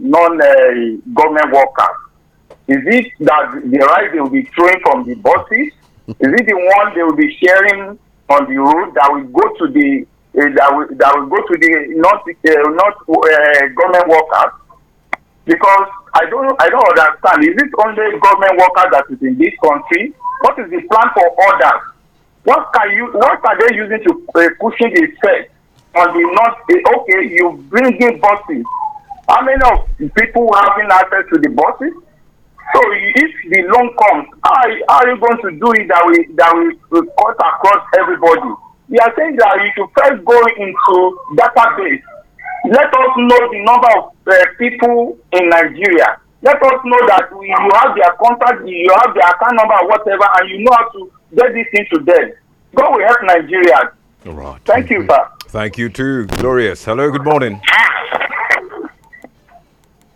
non-government eh, workers? Is it that the right they will be throwing from the buses? Is it the one they will be sharing on the road that will go to the uh, that, will, that will go to the not uh, not uh, government workers? Because I don't I don't understand. Is it only government workers that is in this country? What is the plan for others? What can you what are they using to uh, cushion the effect on the not? Uh, okay, you bring in buses how many of people having access to the buses? So if the loan comes, how, how are you going to do it that we that we, cut across everybody? We are saying that you should first go into database. Let us know the number of uh, people in Nigeria. Let us know that we, you have their contact, you have their account number, whatever, and you know how to get this into to them. God will help Nigeria. All right. Thank, Thank you, sir. Thank you too. Glorious. Hello. Good morning.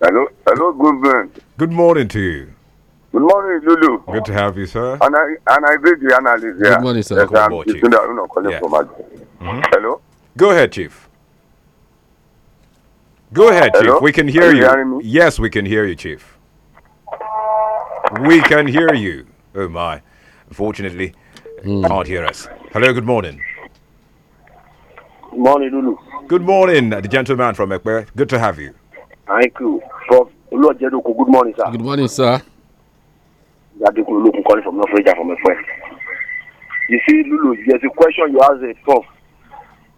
Hello, hello, good morning. Good morning to you. Good morning, Lulu. Good to have you, sir. And I and I read the analysis. Yeah. Good morning, sir. Yes, I'm Chief. mm -hmm. Hello. Go ahead, Chief. Go ahead, hello? Chief. We can hear Are you. you. Yes, we can hear you, Chief. We can hear you. Oh my! Unfortunately, mm. can't hear us. Hello. Good morning. Good morning, Lulu. Good morning, the gentleman from Ekwe. Good to have you. thank you prof olùwàjẹdọkọ good morning sir. good morning sir. Adekun Olokun calling from North Asia from my friend. You see, Lulu, there's a question you ask a eh, prof.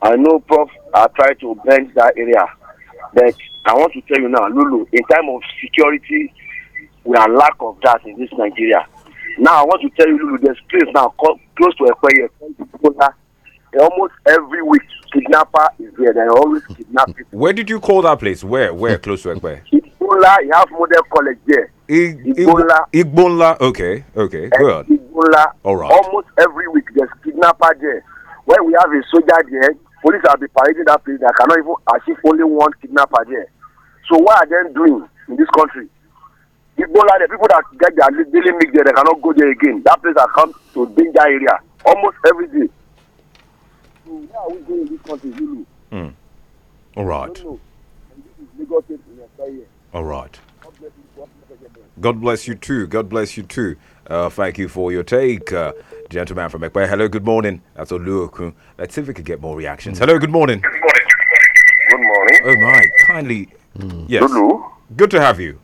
I know prof I try to bend that area, but I want to tell you now, Lulu, in time of security, we are lack of that in this Nigeria. Now, I want to tell you, Lulu, there's place now close to Ekweye, almost every week kidnapper is there. They always kidnap people. Where did you call that place? Where? Where? Close to where? Igbola, you have model college there. Igbola. Igbola, okay, okay, good. All right. almost every week there's kidnapper there. When we have a soldier there, police have been parading that place. They cannot even achieve only one kidnapper there. So what are they doing in this country? Igbola, the people that get their daily meal there, they cannot go there again. That place has come to danger area almost every day. Why are we going this country, Mm. All right. All right. God bless you too. God bless you too. Uh, thank you for your take, uh, gentleman from Ekpe. Hello, good morning. That's Oluokun. Let's see if we can get more reactions. Hello, good morning. Good morning. Good morning. Oh my, kindly. Mm. Yes. Good to have you.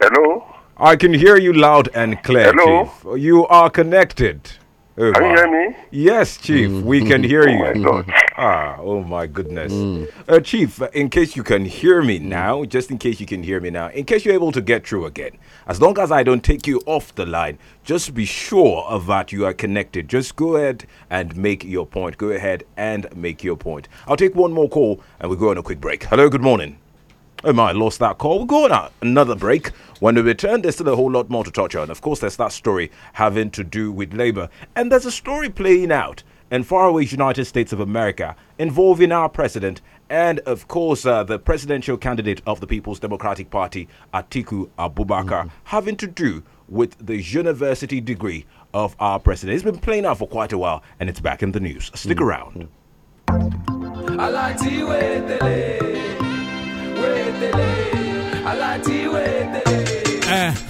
Hello. I can hear you loud and clear. Hello. Chief. You are connected. Oh, can wow. you hear me? Yes, Chief, mm. we can hear oh you. ah, oh my goodness. Mm. Uh, Chief, in case you can hear me mm. now, just in case you can hear me now, in case you're able to get through again, as long as I don't take you off the line, just be sure of that you are connected. Just go ahead and make your point. Go ahead and make your point. I'll take one more call and we'll go on a quick break. Hello, good morning. Oh my, lost that call. We're going out another break. When we return, there's still a whole lot more to touch on. Of course, there's that story having to do with labor. And there's a story playing out in faraway United States of America involving our president and, of course, uh, the presidential candidate of the People's Democratic Party, Atiku Abubakar, mm-hmm. having to do with the university degree of our president. It's been playing out for quite a while and it's back in the news. Stick mm-hmm. around. Mm wetele, aláti wetele. Eh.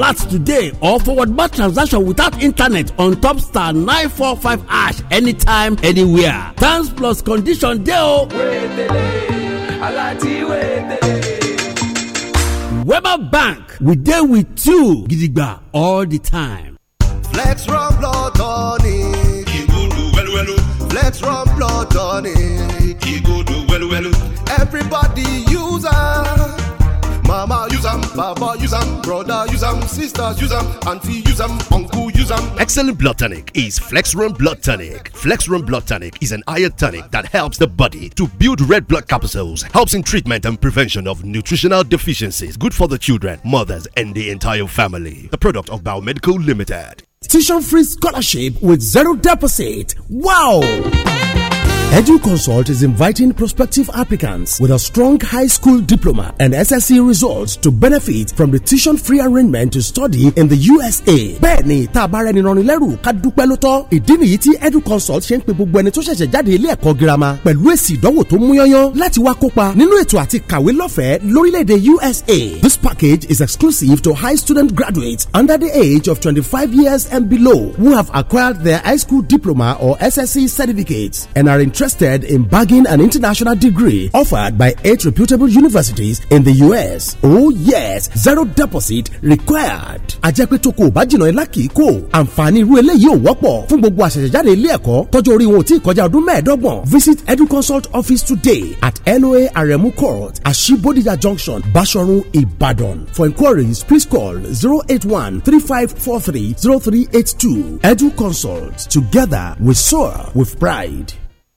alert today or forward bar transaction without internet on top star 945 ash anytime anywhere thanks plus condition dey o. Oh. weber bank we deal with two gidigba all the time. flex run blood tonic. ìgòdò wẹ́lúwẹ́lú. Oh. flex run blood tonic. ìgòdò wẹ́lúwẹ́lú. Oh. everybody use am. Mama use them, Baba use them, brother use them, sisters use them, auntie use them, uncle use them. Excellent Blood Tonic is Flexron Blood Tonic. Flexron Blood Tonic is an iron tonic that helps the body to build red blood capsules, helps in treatment and prevention of nutritional deficiencies, good for the children, mothers, and the entire family. The product of Biomedical Limited. Tuition free scholarship with zero deposit. Wow! EduConsult is inviting prospective applicants with a strong high school diploma and SSC results to benefit from the tuition-free arrangement to study in the USA. Bẹ́ẹ̀ni, tá a bá rẹ́ni rọrin lẹ́rù ká dúpẹ́ ló tọ́. Ìdí nìyí tí EduConsult ṣe ń pe gbogbo ẹni tó ṣẹ̀ṣẹ̀ jáde ilé ẹ̀kọ́ girama pẹ̀lú èsì ìdánwò tó múyányán láti wá kópa nínú ètò àti kàwé lọ́fẹ̀ẹ́ lórílẹ̀-èdè USA. This package is exclusive to high student graduates under the age of 25 years and below who have acquired their high school diploma or SSC certificates and are interested interested in bagging an international degree offered by eight reputable universities in the US? Oh yes, zero deposit required. Àjẹpẹ́ tó kò bá jìnnà ilá kìí kò. Àǹfààní irú eléyìí ò wọ́pọ̀ fún gbogbo àṣẹ̀ṣẹ̀jáde ilé ẹ̀kọ́ tọ́jú orí wọn ò tí ì kọjá ọdún mẹ́ẹ̀ẹ́dọ́gbọ̀n. Visit Educonsult office today at LOA Aremu Court, Ashibodija Junction, Bashorun, Ibadan. For inquiries, please call 081 3543 0382. Edu Consult. Together we soar with pride.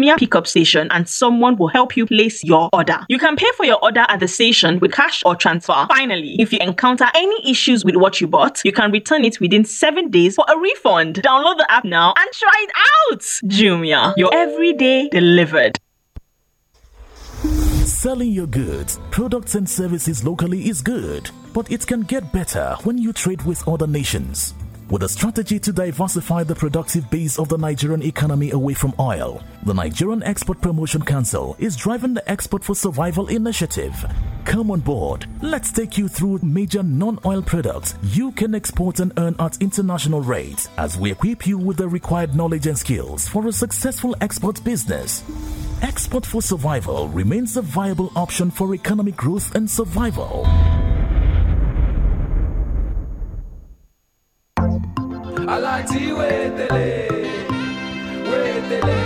Jumia pickup station and someone will help you place your order. You can pay for your order at the station with cash or transfer. Finally, if you encounter any issues with what you bought, you can return it within 7 days for a refund. Download the app now and try it out. Jumia, your everyday delivered. Selling your goods, products, and services locally is good, but it can get better when you trade with other nations. With a strategy to diversify the productive base of the Nigerian economy away from oil, the Nigerian Export Promotion Council is driving the Export for Survival initiative. Come on board. Let's take you through major non oil products you can export and earn at international rates as we equip you with the required knowledge and skills for a successful export business. Export for Survival remains a viable option for economic growth and survival. I like to wait the way, wait the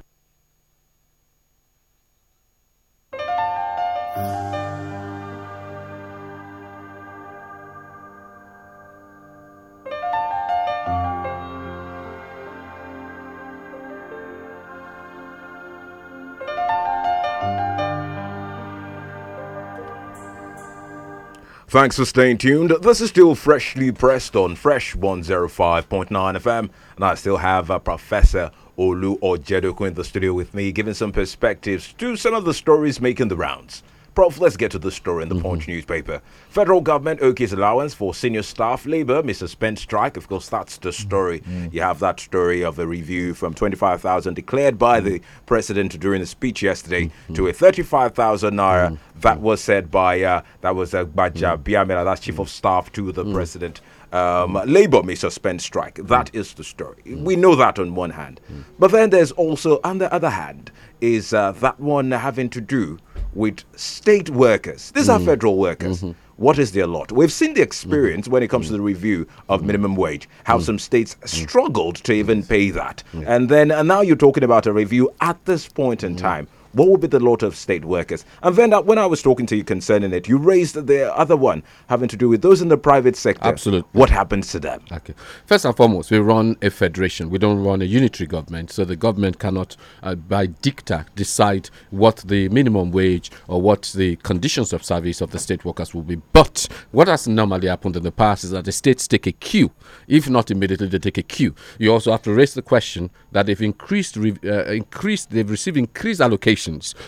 Thanks for staying tuned. This is still freshly pressed on Fresh 105.9 FM, and I still have uh, Professor Olu Ojedoko in the studio with me, giving some perspectives to some of the stories making the rounds. Prof, let's get to the story in the mm-hmm. Punch newspaper. Federal government okay's allowance for senior staff labor, Mr. Spent strike. Of course, that's the mm-hmm. story. Mm-hmm. You have that story of a review from 25,000 declared by mm. the president during the speech yesterday mm-hmm. to a 35,000 naira mm. that mm. was said by uh, that was uh, by mm. Uh, Biamela, that's chief of staff to the president um, Labour may suspend strike. That is the story. Mm. We know that on one hand. Mm. But then there's also, on the other hand, is uh, that one having to do with state workers. These are mm. federal workers. -hmm what is their lot? We've seen the mm-hmm. experience when it comes to the mm-hmm. review of mm-hmm. minimum wage, how some states struggled to even pay that. And then and now you're talking about a review at this point in time what will be the lot of state workers? And then when I was talking to you concerning it, you raised the other one having to do with those in the private sector. Absolutely. What happens to them? Okay. First and foremost, we run a federation. We don't run a unitary government. So the government cannot, uh, by dicta, decide what the minimum wage or what the conditions of service of the state workers will be. But what has normally happened in the past is that the states take a cue. If not immediately, they take a cue. You also have to raise the question that they've increased, uh, increased, they've received increased allocation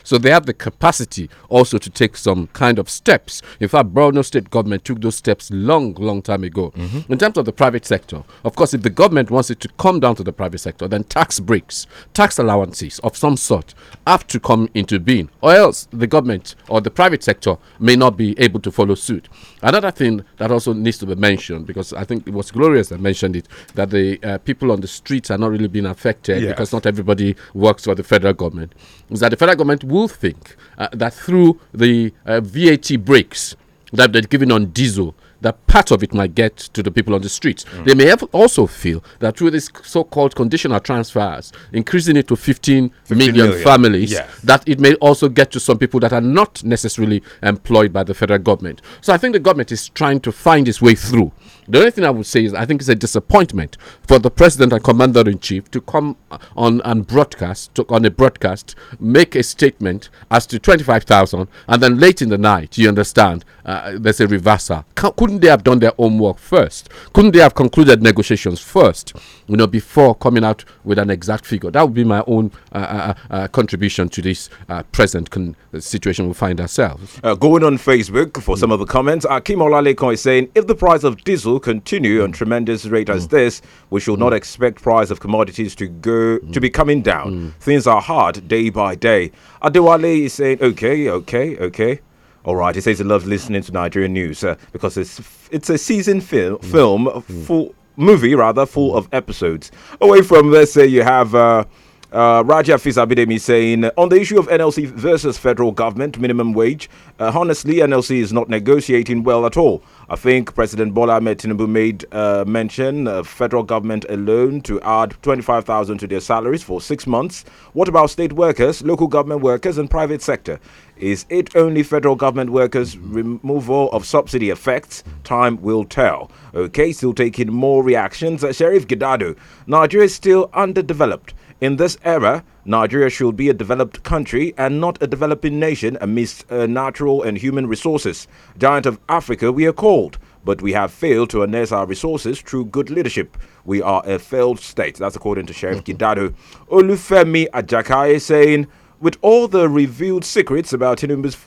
so they have the capacity also to take some kind of steps. In fact, Borno state government took those steps long, long time ago. Mm -hmm. In terms of the private sector, of course, if the government wants it to come down to the private sector, then tax breaks, tax allowances of some sort have to come into being, or else the government or the private sector may not be able to follow suit. Another thing that also needs to be mentioned, because I think it was Glorious that mentioned it, that the uh, people on the streets are not really being affected yes. because not everybody works for the federal government is that the federal government will think uh, that through the uh, VAT breaks that they're giving on diesel, that part of it might get to the people on the streets. Mm. They may also feel that through these so-called conditional transfers, increasing it to 15, 15 million, million families, yes. that it may also get to some people that are not necessarily employed by the federal government. So I think the government is trying to find its way through. The only thing I would say is I think it's a disappointment for the president and commander in chief to come on and broadcast, to, on a broadcast, make a statement as to 25,000, and then late in the night, you understand, uh, there's a reversal. Can, couldn't they have done their homework first? Couldn't they have concluded negotiations first, you know, before coming out with an exact figure? That would be my own uh, uh, uh contribution to this uh, present uh, situation we find ourselves. going on Facebook for mm. some of the comments, Akim Olalekon is saying if the price of diesel will continue on mm. tremendous rate as mm. this, we should not mm. expect price of commodities to go to be coming down. Things are hard day by day. Adewale is saying, okay, okay, okay. All right, he says he loves listening to Nigerian news uh, because it's it's a season fil- film full movie rather full of episodes. Away from let's say uh, you have. Uh, uh, Raja Fisabidemi saying, on the issue of NLC versus federal government minimum wage, uh, honestly, NLC is not negotiating well at all. I think President Bola Ahmed Tinubu made uh, mention of federal government alone to add 25,000 to their salaries for six months. What about state workers, local government workers, and private sector? Is it only federal government workers' removal of subsidy effects? Time will tell. Okay, still taking more reactions. Uh, Sheriff Gidado, Nigeria is still underdeveloped. In this era, Nigeria should be a developed country and not a developing nation amidst uh, natural and human resources. Giant of Africa, we are called, but we have failed to harness our resources through good leadership. We are a failed state. That's according to Sheriff Gidado. Mm-hmm. Olufemi Ajakaye saying, with all the revealed secrets about Tinubu's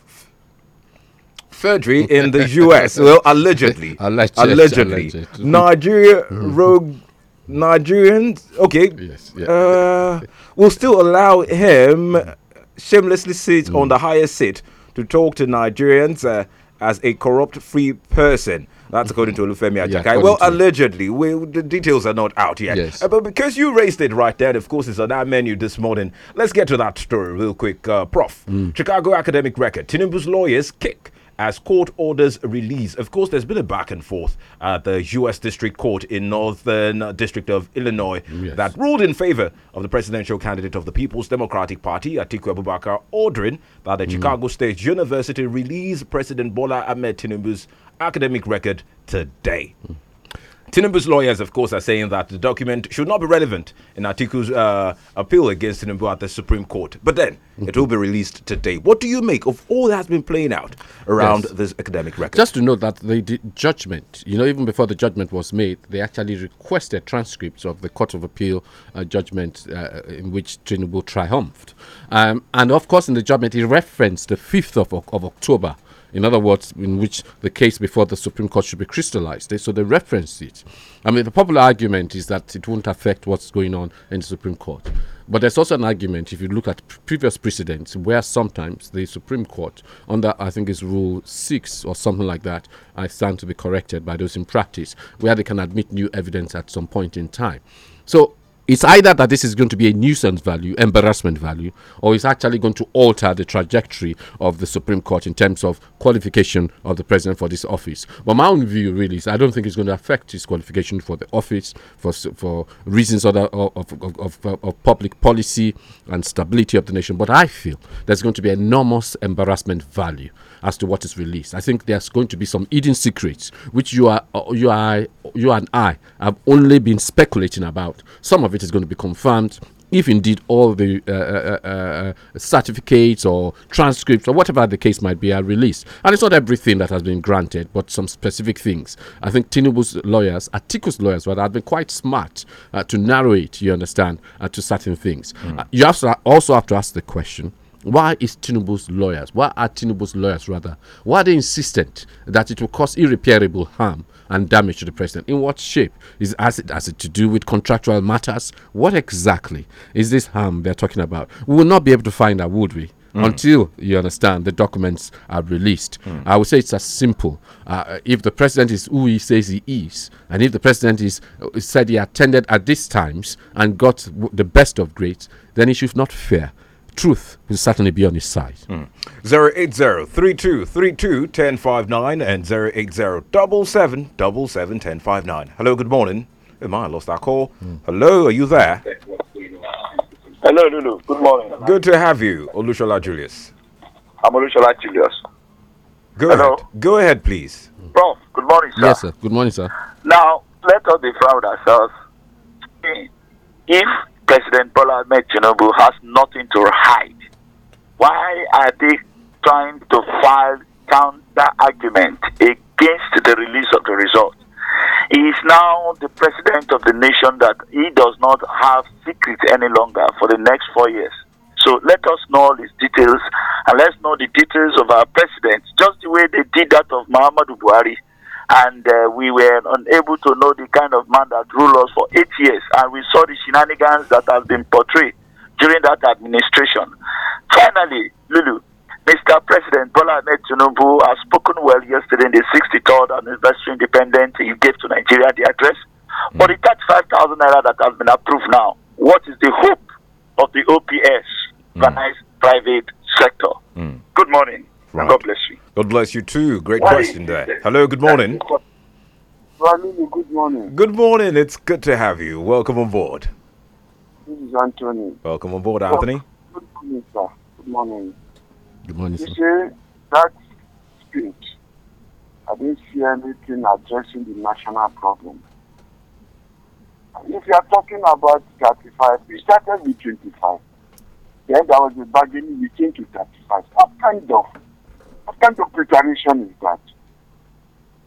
surgery in the US. well, allegedly, alleged, allegedly, alleged. Nigeria mm-hmm. rogue Nigerians, okay, yes, yeah. uh, will still allow him shamelessly sit mm. on the highest seat to talk to Nigerians uh, as a corrupt free person. That's according to mm-hmm. Olufemi Ajakai. Yeah, well, allegedly, we, the details are not out yet. Yes. Uh, but because you raised it right there, of course, it's on our menu this morning. Let's get to that story real quick. Uh, Prof. Mm. Chicago academic record. Tinubu's lawyers kick as court orders release. Of course, there's been a back and forth at the U.S. District Court in Northern District of Illinois yes. that ruled in favor of the presidential candidate of the People's Democratic Party, Atiku Abubakar, ordering that the mm. Chicago State University release President Bola Ahmed Tinubu's academic record today. Mm. Tinubu's lawyers, of course, are saying that the document should not be relevant in Atiku's uh, appeal against Tinubu at the Supreme Court. But then mm-hmm. it will be released today. What do you make of all that has been playing out around yes. this academic record? Just to note that the d- judgment, you know, even before the judgment was made, they actually requested transcripts of the Court of Appeal uh, judgment uh, in which Tinubu triumphed. Um, and of course, in the judgment, he referenced the 5th of, of October in other words, in which the case before the Supreme Court should be crystallized. So they referenced it. I mean, the popular argument is that it won't affect what's going on in the Supreme Court. But there's also an argument if you look at previous precedents where sometimes the Supreme Court, under I think it's Rule 6 or something like that, I stand to be corrected by those in practice, where they can admit new evidence at some point in time. So it's either that this is going to be a nuisance value, embarrassment value, or it's actually going to alter the trajectory of the Supreme Court in terms of qualification of the president for this office. But my own view really is I don't think it's going to affect his qualification for the office for for reasons other of, of, of, of public policy and stability of the nation. But I feel there's going to be enormous embarrassment value as to what is released. I think there's going to be some hidden secrets which you are uh, you are you and I have only been speculating about. Some of it is going to be confirmed if indeed all the uh, uh, uh, uh, certificates or transcripts or whatever the case might be are released. And it's not everything that has been granted, but some specific things. I think Tinubu's lawyers, Atiku's lawyers, rather, have been quite smart uh, to narrow it, you understand, uh, to certain things. Mm. you have to, also have to ask the question why is Tinubu's lawyers, why are Tinubu's lawyers rather, why are they insistent that it will cause irreparable harm and damage to the president. In what shape? Is has it has it to do with contractual matters? What exactly is this harm they're talking about? We will not be able to find out, would we? Mm. Until you understand the documents are released, mm. I would say it's as simple. Uh, if the president is who he says he is, and if the president is uh, said he attended at these times and got the best of grades, then he should not fear truth will certainly be on his side. Mm. 80 1059 and 080-777-1059. Hello, good morning. Oh my, I lost that call. Mm. Hello, are you there? Hello, Lulu. Good morning. Good to have you, Olushola Julius. I'm Olushola Julius. Go Hello. ahead. Go ahead, please. good morning, sir. Yes, sir. Good morning, sir. Now, let us be proud ourselves. If President Bola Ahmed Tinubu has nothing to hide. Why are they trying to file counter argument against the release of the result? He is now the president of the nation that he does not have secrets any longer for the next four years. So let us know all these details and let's know the details of our president, just the way they did that of Muhammadu Buhari and uh, we were unable to know the kind of man that ruled us for eight years, and we saw the shenanigans that have been portrayed during that administration. Finally, Lulu, Mr. President Bola Ahmed Tinubu has spoken well yesterday in the 63rd anniversary independence he gave to Nigeria the address. Hmm. But the 35,000 naira that has been approved now, what is the hope of the OPS, hmm. organized mm. private sector? God bless you too. Great Why question there. Hello, good morning. Good morning. Good morning. It's good to have you. Welcome on board. This is Anthony. Welcome on board, Anthony. Good morning, sir. Good morning. Good morning, sir. You see, that speech, I didn't see anything addressing the national problem. If you are talking about 35, we started with 25. Then there was a bargaining, between to 35. What kind of what kind of preparation is that?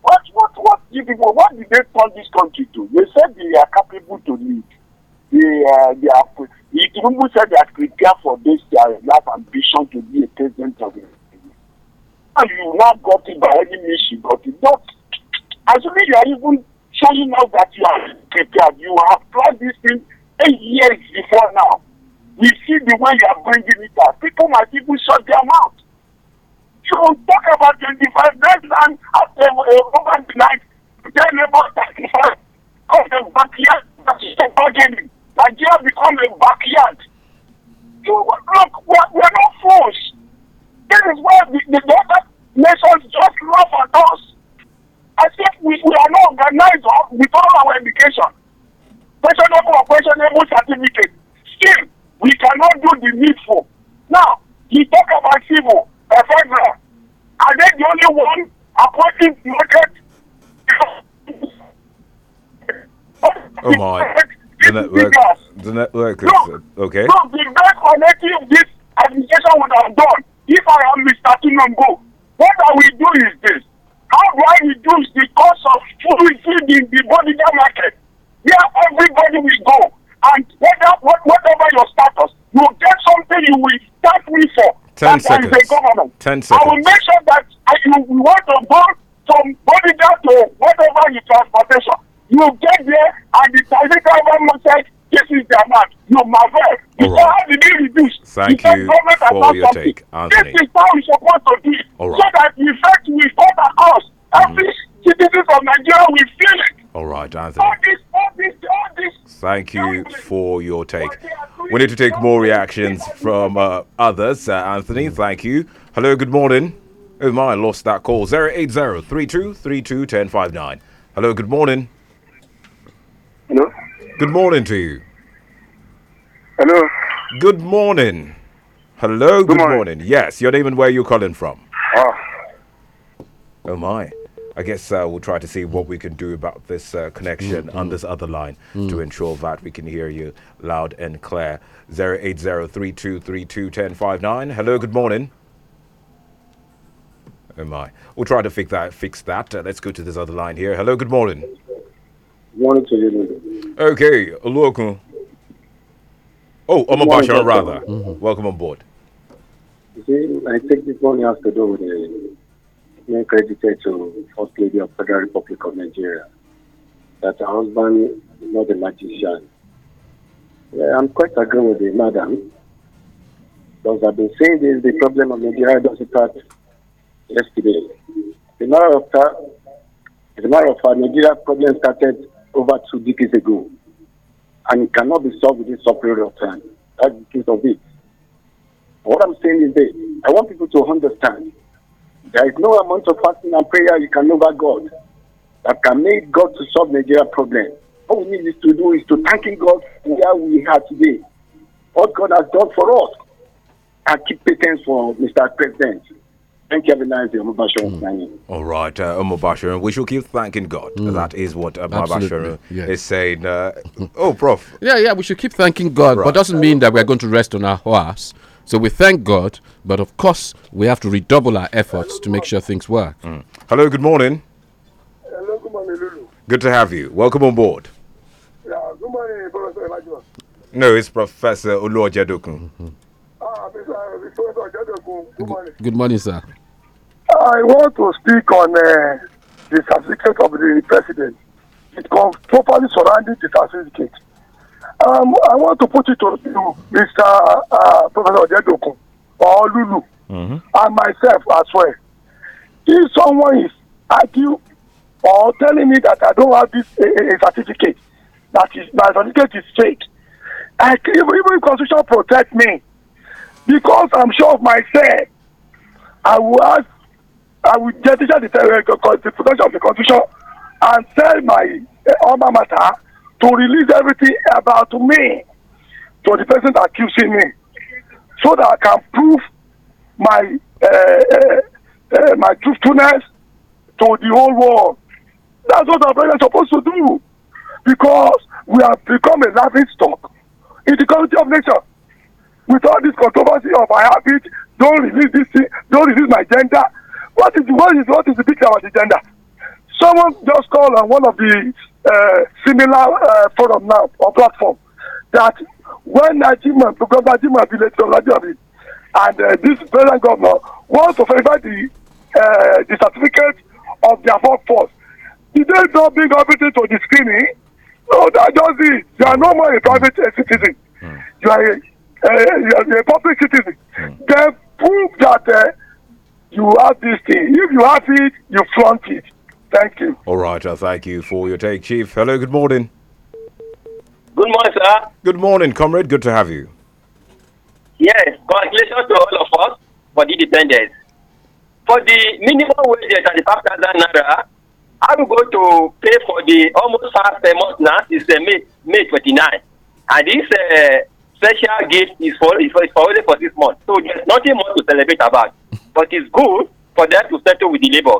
What what what you people what did they turn this country to? They said they are capable to lead. They uh, they are Tinubu said they are prepared for this their life ambition to be a president of the And you not got it by any means you got it. But assuming you are even showing now that you are prepared, you have planned this thing eight years before now. You see the way you are bringing it out. People might even shut their mouth you will talk about 25 less and after a uh, woman tonight. Their about sacrifice Of the backyard is bargaining. Nigeria become a backyard. You, look, we're, we're not fools. This is why the, the, the other nations just laugh at us. I think we, we are not organized with all our education. Questionable or questionable certificate. Still, we cannot do the needful. Now, you talk about civil etc. Are they the only one appointing market? oh my. The network, the network is look, uh, okay. No, the best connecting of this administration would have done if I am Mr. Tinubu. What I will do is this how do I reduce the cost of food in the body market? Where everybody will go and whatever, whatever your status, you get something you will start with for. Ten seconds. Ten seconds. I will make sure that you want to go from down to whatever your transportation. You get there and the taxi driver must say, this is the amount. You marvel. You right. have did you reduced, Thank you, you for your something. take, Anthony. This is how we supposed to be. Right. So that in fact we form mm-hmm. across Every mm. citizen of Nigeria will feel it. All right, Anthony. Thank you for your take. We need to take more reactions from uh, others. Uh, Anthony, hmm. thank you. Hello, good morning. Oh my, I lost that call. 80 Hello, good morning. Hello. Good morning to you. Hello. Good morning. Hello, good, good morning. morning. Yes, your name and where you're calling from. Ah. oh my. I guess uh, we'll try to see what we can do about this uh, connection mm, on mm. this other line mm. to ensure that we can hear you loud and clear. 08032321059. Hello, good morning. Oh my. We'll try to fix that. Fix that. Uh, let's go to this other line here. Hello, good morning. Good morning to you. Okay, Oluokun. Oh, Omobasha, rather. Mm-hmm. Welcome on board. You see, I think this one has to do with being credited to First Lady of Federal Republic of Nigeria that her husband not a magician. Yeah, I'm quite agree with you, madam. Because I've been saying this, the problem of Nigeria doesn't start yesterday. The matter of fact, as a matter of fact, Nigeria problem started over two decades ago, and it cannot be solved within short period of time. That's the case of it. What I'm saying is this: I want people to understand there is no amount of fasting and prayer you can over God that can make God to solve Nigeria problem. All we need is to do is to thanking God for where we are today. What God has done for us. I keep patience for Mr. President. Thank you, nice mm. All right, uh, Omobashirin. We should keep thanking God. Mm. That is what Omobashirin uh, yes. is saying. Uh, oh, Prof. Yeah, yeah, we should keep thanking God, right. but doesn't mean that we're going to rest on our horse. So we thank God, but of course we have to redouble our efforts to make sure things work. Mm. Hello, good morning. Hello, good morning, Lulu. Good to have you. Welcome on board. Yeah, good morning, Professor Elijah. No, it's Professor Oluwajedokun. Mm-hmm. Ah, Mr. Professor good morning. Good morning, sir. Ah, I want to speak on uh, the certificate of the president. It properly surrounding the certificate. Um, I want to put it to you, Mr. Uh, Professor Jedokun or Lulu, mm-hmm. and myself as well. If someone is arguing or telling me that I don't have this a, a certificate, that is, my certificate is fake, I even if Constitution protect me, because I'm sure of myself, I will ask, I will jettison uh, the, the protection of the Constitution and sell my uh, alma mater to release everything about me to the person accusing me so that I can prove my uh, uh, uh, my truthfulness to the whole world. That's what our president is supposed to do because we have become a laughing stock in the community of nature. With all this controversy of my it. don't release this thing, don't release my gender. What is what is what is the picture about the gender? Someone just called on one of the uh, similar uh, forum now or platform that when Najima, Governor Najima village the Lajari, and uh, this present governor wants to verify the, uh, the certificate of their workforce, did they not bring everything to the screening? No, that just it. You are no more a private uh, citizen. Mm. You, are a, uh, you are a public citizen. Mm. Then prove that uh, you have this thing. If you have it, you flaunt it. Thank you. All right, I thank you for your take, Chief. Hello, good morning. Good morning, sir. Good morning, comrade. Good to have you. Yes, congratulations to all of us for the independence. For the minimum wage at five thousand naira, I am going to pay for the almost half a month now, it's uh, May, May 29. And this uh, special gift is for, is for, is for only for this month. So there's nothing more to celebrate about. but it's good for them to settle with the labor.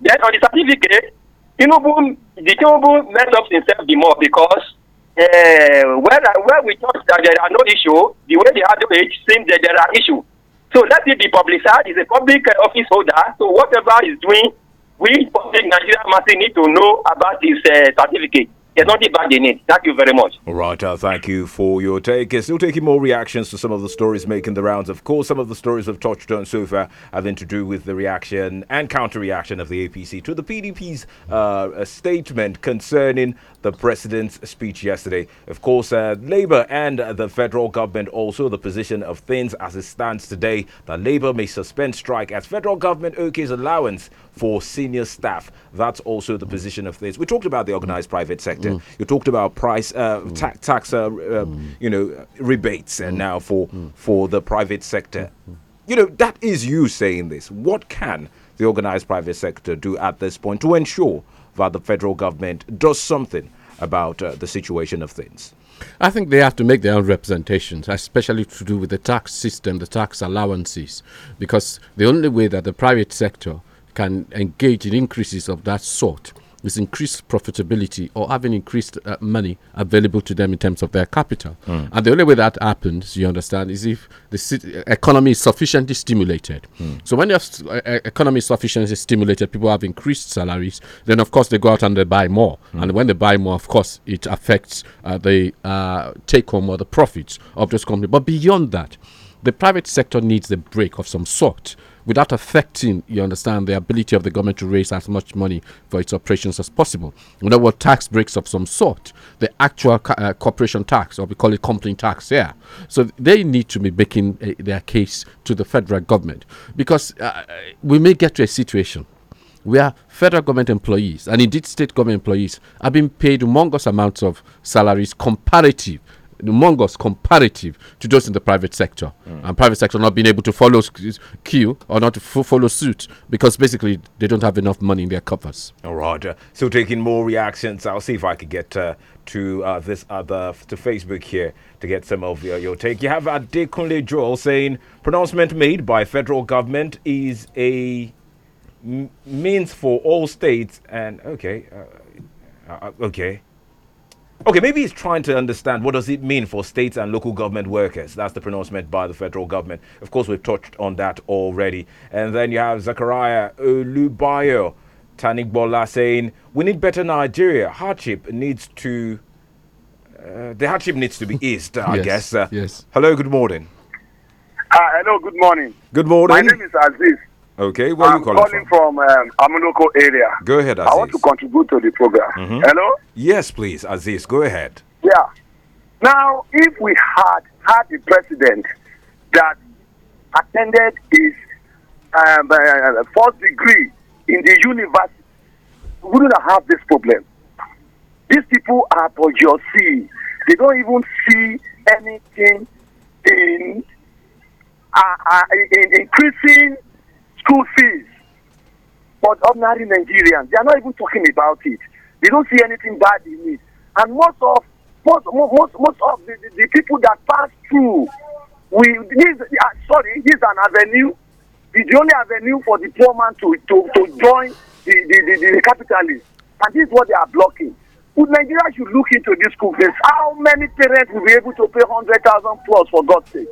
Then on the certificate, Tinubu, the Tinubu messed up himself the more because uh, eh, where, where we thought that there are no issue, the way they handle it seems that there are issues. So let it be publicized. He's a public eh, office holder. So whatever he's doing, we public Nigerian must need to know about his uh, eh, certificate not nothing back they need. Thank you very much. All right, uh, thank you for your take. Uh, still taking more reactions to some of the stories making the rounds. Of course, some of the stories have touched on so far have been to do with the reaction and counter reaction of the APC to the PDP's uh, uh, statement concerning the president's speech yesterday. Of course, uh, Labour and the federal government also the position of things as it stands today that Labour may suspend strike as federal government okays allowance for senior staff. That's also the position of things. We talked about the organised private sector. Mm. You talked about price uh, mm. ta tax, uh, uh, mm. you know, rebates, and mm. now for mm. for the private sector. Mm. You know, that is you saying this. What can the organized private sector do at this point to ensure that the federal government does something about uh, the situation of things? I think they have to make their own representations, especially to do with the tax system, the tax allowances, because the only way that the private sector can engage in increases of that sort this increased profitability or having increased uh, money available to them in terms of their capital. Mm. And the only way that happens, you understand, is if the uh, economy is sufficiently stimulated. Mm. So when the uh, economy is sufficiently stimulated, people have increased salaries. Then of course they go out and they buy more. Mm. And when they buy more, of course it affects uh, the uh, take home or the profits of those companies. But beyond that, the private sector needs a break of some sort without affecting, you understand, the ability of the government to raise as much money for its operations as possible. In other words, tax breaks of some sort, the actual uh, corporation tax, or we call it company tax, yeah. So they need to be making uh, their case to the federal government because uh, we may get to a situation where federal government employees and indeed state government employees are being paid humongous amounts of salaries comparative among us comparative to those in the private sector mm. and private sector not being able to follow queue or not to follow suit because basically they don't have enough money in their coffers. All right. Uh, taking more reactions. I'll see if I could get uh, to uh, this other to Facebook here to get some of your, your take. You have Adekunle Joel saying pronouncement made by federal government is a means for all states and okay, uh, uh, okay. Okay, maybe he's trying to understand what does it mean for state and local government workers. That's the pronouncement by the federal government. Of course, we've touched on that already. And then you have Zachariah Olubayo Tanigbola saying, "We need better Nigeria. Hardship needs to, uh, the hardship needs to be eased." I yes, guess. Uh, yes. Hello. Good morning. Uh, hello. Good morning. Good morning. My name is Aziz. Okay, where I'm you calling, calling from? from um, Amunoko area. Go ahead, Aziz. I want to contribute to the program. Mm -hmm. Hello? Yes, please, Aziz. Go ahead. Yeah. Now, if we had had the president that attended his um, uh, first degree in the university, we wouldn't have this problem. These people are for your see. They don't even see anything in, uh, uh, in increasing school fees but ordinary Nigerians. They are not even talking about it. They don't see anything bad in it. And most of most most most of the, the, the people that pass through, we this uh, sorry, this is an avenue. It's the only avenue for the poor man to to, to join the the, the, the capitalists, and this is what they are blocking. Would Nigeria should look into this school fees. How many parents will be able to pay hundred thousand plus for God's sake?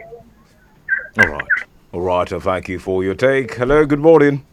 All right. All right, thank you for your take. Hello, good morning.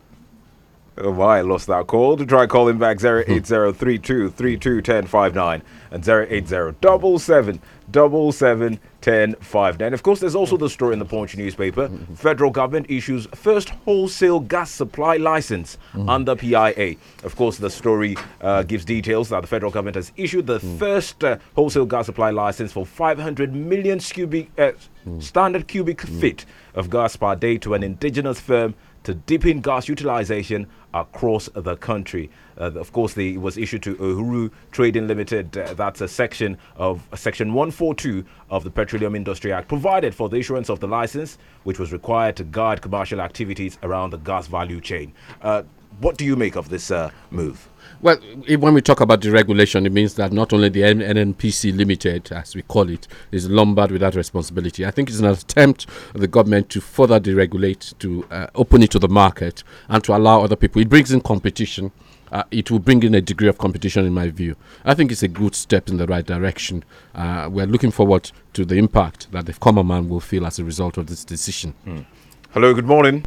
Oh, I lost that call. To try calling back 08032321059 hmm. and 08077771059. Of course, there's also the story in the Punch newspaper. Hmm. Federal government issues first wholesale gas supply license mm. under PIA. Of course, the story uh, gives details that the federal government has issued the mm. first uh, wholesale gas supply license for 500 million cubic uh, mm. standard cubic mm. feet of gas per day to an indigenous firm to deepen gas utilization across the country. Uh, of course, the, it was issued to Uhuru Trading Limited. Uh, that's a section of uh, Section 142 of the Petroleum Industry Act, provided for the issuance of the license, which was required to guide commercial activities around the gas value chain. Uh, what do you make of this uh, move? Well, when we talk about deregulation, it means that not only the NNPC Limited, as we call it, is lumbered without responsibility. I think it's an attempt of the government to further deregulate, to uh, open it to the market, and to allow other people. It brings in competition. Uh, it will bring in a degree of competition, in my view. I think it's a good step in the right direction. Uh, we're looking forward to the impact that the common man will feel as a result of this decision. Mm. Hello, good morning.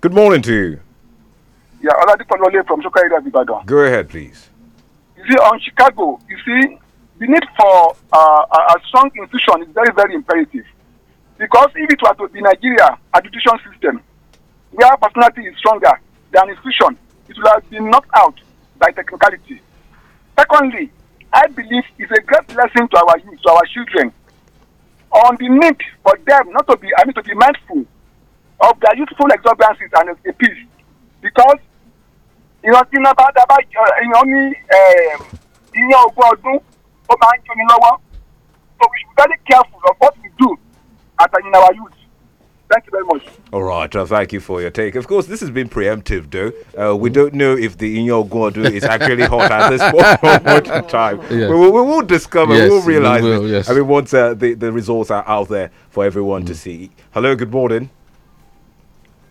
Good morning to you. Yeah, Oladipo Lole from Soka area, Go ahead, please. You see, on Chicago, you see, the need for uh, a, strong institution is very, very imperative. Because if it were to be Nigeria, a system, where personality is stronger than institution, it would have been knocked out by technicality. Secondly, I believe it's a great lesson to our youth, to our children, on the need for them not to be, I mean, to be mindful of their youthful exuberances and a peace because ìran tí iná bá dábàá ìran ní um, ìyẹn ogún ọdún ó máa ń jóni lọ́wọ́ so we should be very careful of what we do at in our youth. Thank you very much. All right, uh, thank you for your take. Of course, this has been preemptive, though. Uh, we don't know if the Inyo Gordu is actually hot at this point in time. Yes. We, will, we, will discover, yes, we will realize. We will, yes. I mean, once uh, the, the results are out there for everyone mm. to see. Hello, good morning.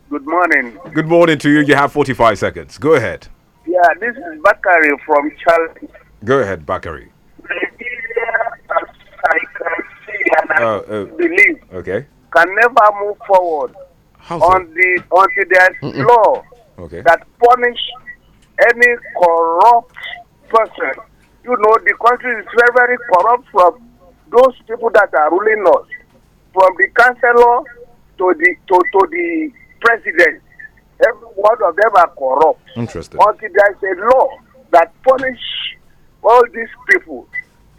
Good morning. Good morning to you. You have 45 seconds. Go ahead. Yeah, this is Bakari from Charlie. Go ahead, Bakari. Uh, uh, believe okay. can never move forward on the until there's mm -mm. law okay. that punish any corrupt person. You know the country is very very corrupt from those people that are ruling us, from the councillor to the to, to the President, Every one of them are corrupt. Interesting. Until there is a law that punish all these people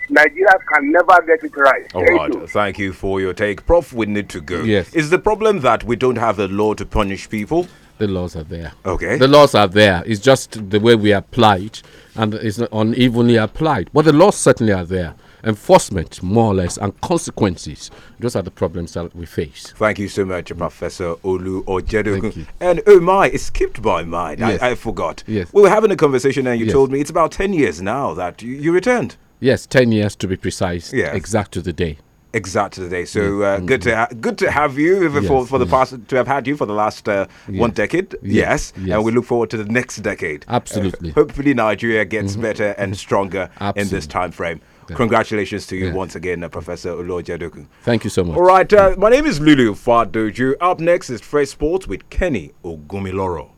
Nigeria can never get it right. All oh, Thank right. You. Thank you for your take. Prof, we need to go. Yes. Is the problem that we don't have a law to punish people? The laws are there. Okay. The laws are there. It's just the way we apply it and it's unevenly applied. But the laws certainly are there enforcement, more or less, and consequences. Those are the problems that we face. Thank you so much, mm. Professor Olu Ojedogun. And oh my, it skipped by mine. Yes. I, I, forgot. Yes. We were having a conversation, and you yes. told me it's about 10 years now that you, you returned. Yes, 10 years to be precise. Yes. Exact to the day exact to So uh, mm. good to good to have you yes, for, for the yes. past to have had you for the last uh, yes. one decade. Yes. and we look forward to the next decade. Absolutely. Uh, hopefully, Nigeria gets mm -hmm. better and mm-hmm. stronger in this time frame. Exactly. Congratulations to you yeah. once again, uh, Professor Olojadoku. Thank you so much. All right, uh, my name is Lulu Fadoju. Up next is Fresh Sports with Kenny Ogumiloro.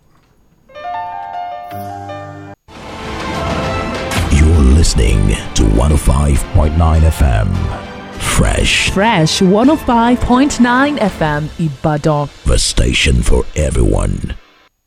You're listening to 105.9 FM. Fresh. Fresh 105.9 FM Ibadan. The station for everyone.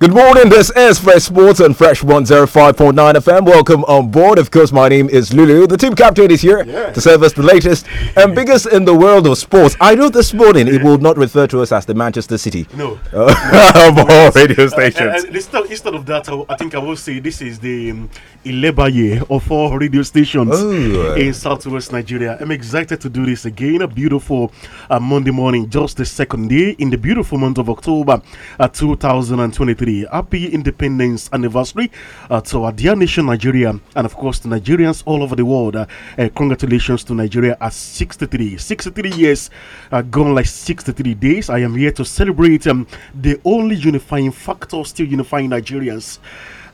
Good morning. This is Fresh Sports and Fresh 105.9 FM. Welcome on board. Of course, my name is Lulu. The team captain is here yeah. to serve us the latest and biggest in the world of sports. I know this morning it will not refer to us as the Manchester City. No. Uh, no. of all radio uh, uh, stations. Uh, uh, instead of that, I, think I will say this is the um, year of all radio stations oh. in southwest Nigeria. I'm excited to do this again. A beautiful uh, Monday morning, just the second day in the beautiful month of October uh, 2023. Happy Independence Anniversary uh, to our dear nation, Nigeria, and of course, to Nigerians all over the world. Uh, uh, congratulations to Nigeria at 63. 63 years uh, gone like 63 days. I am here to celebrate um, the only unifying factor still unifying Nigerians.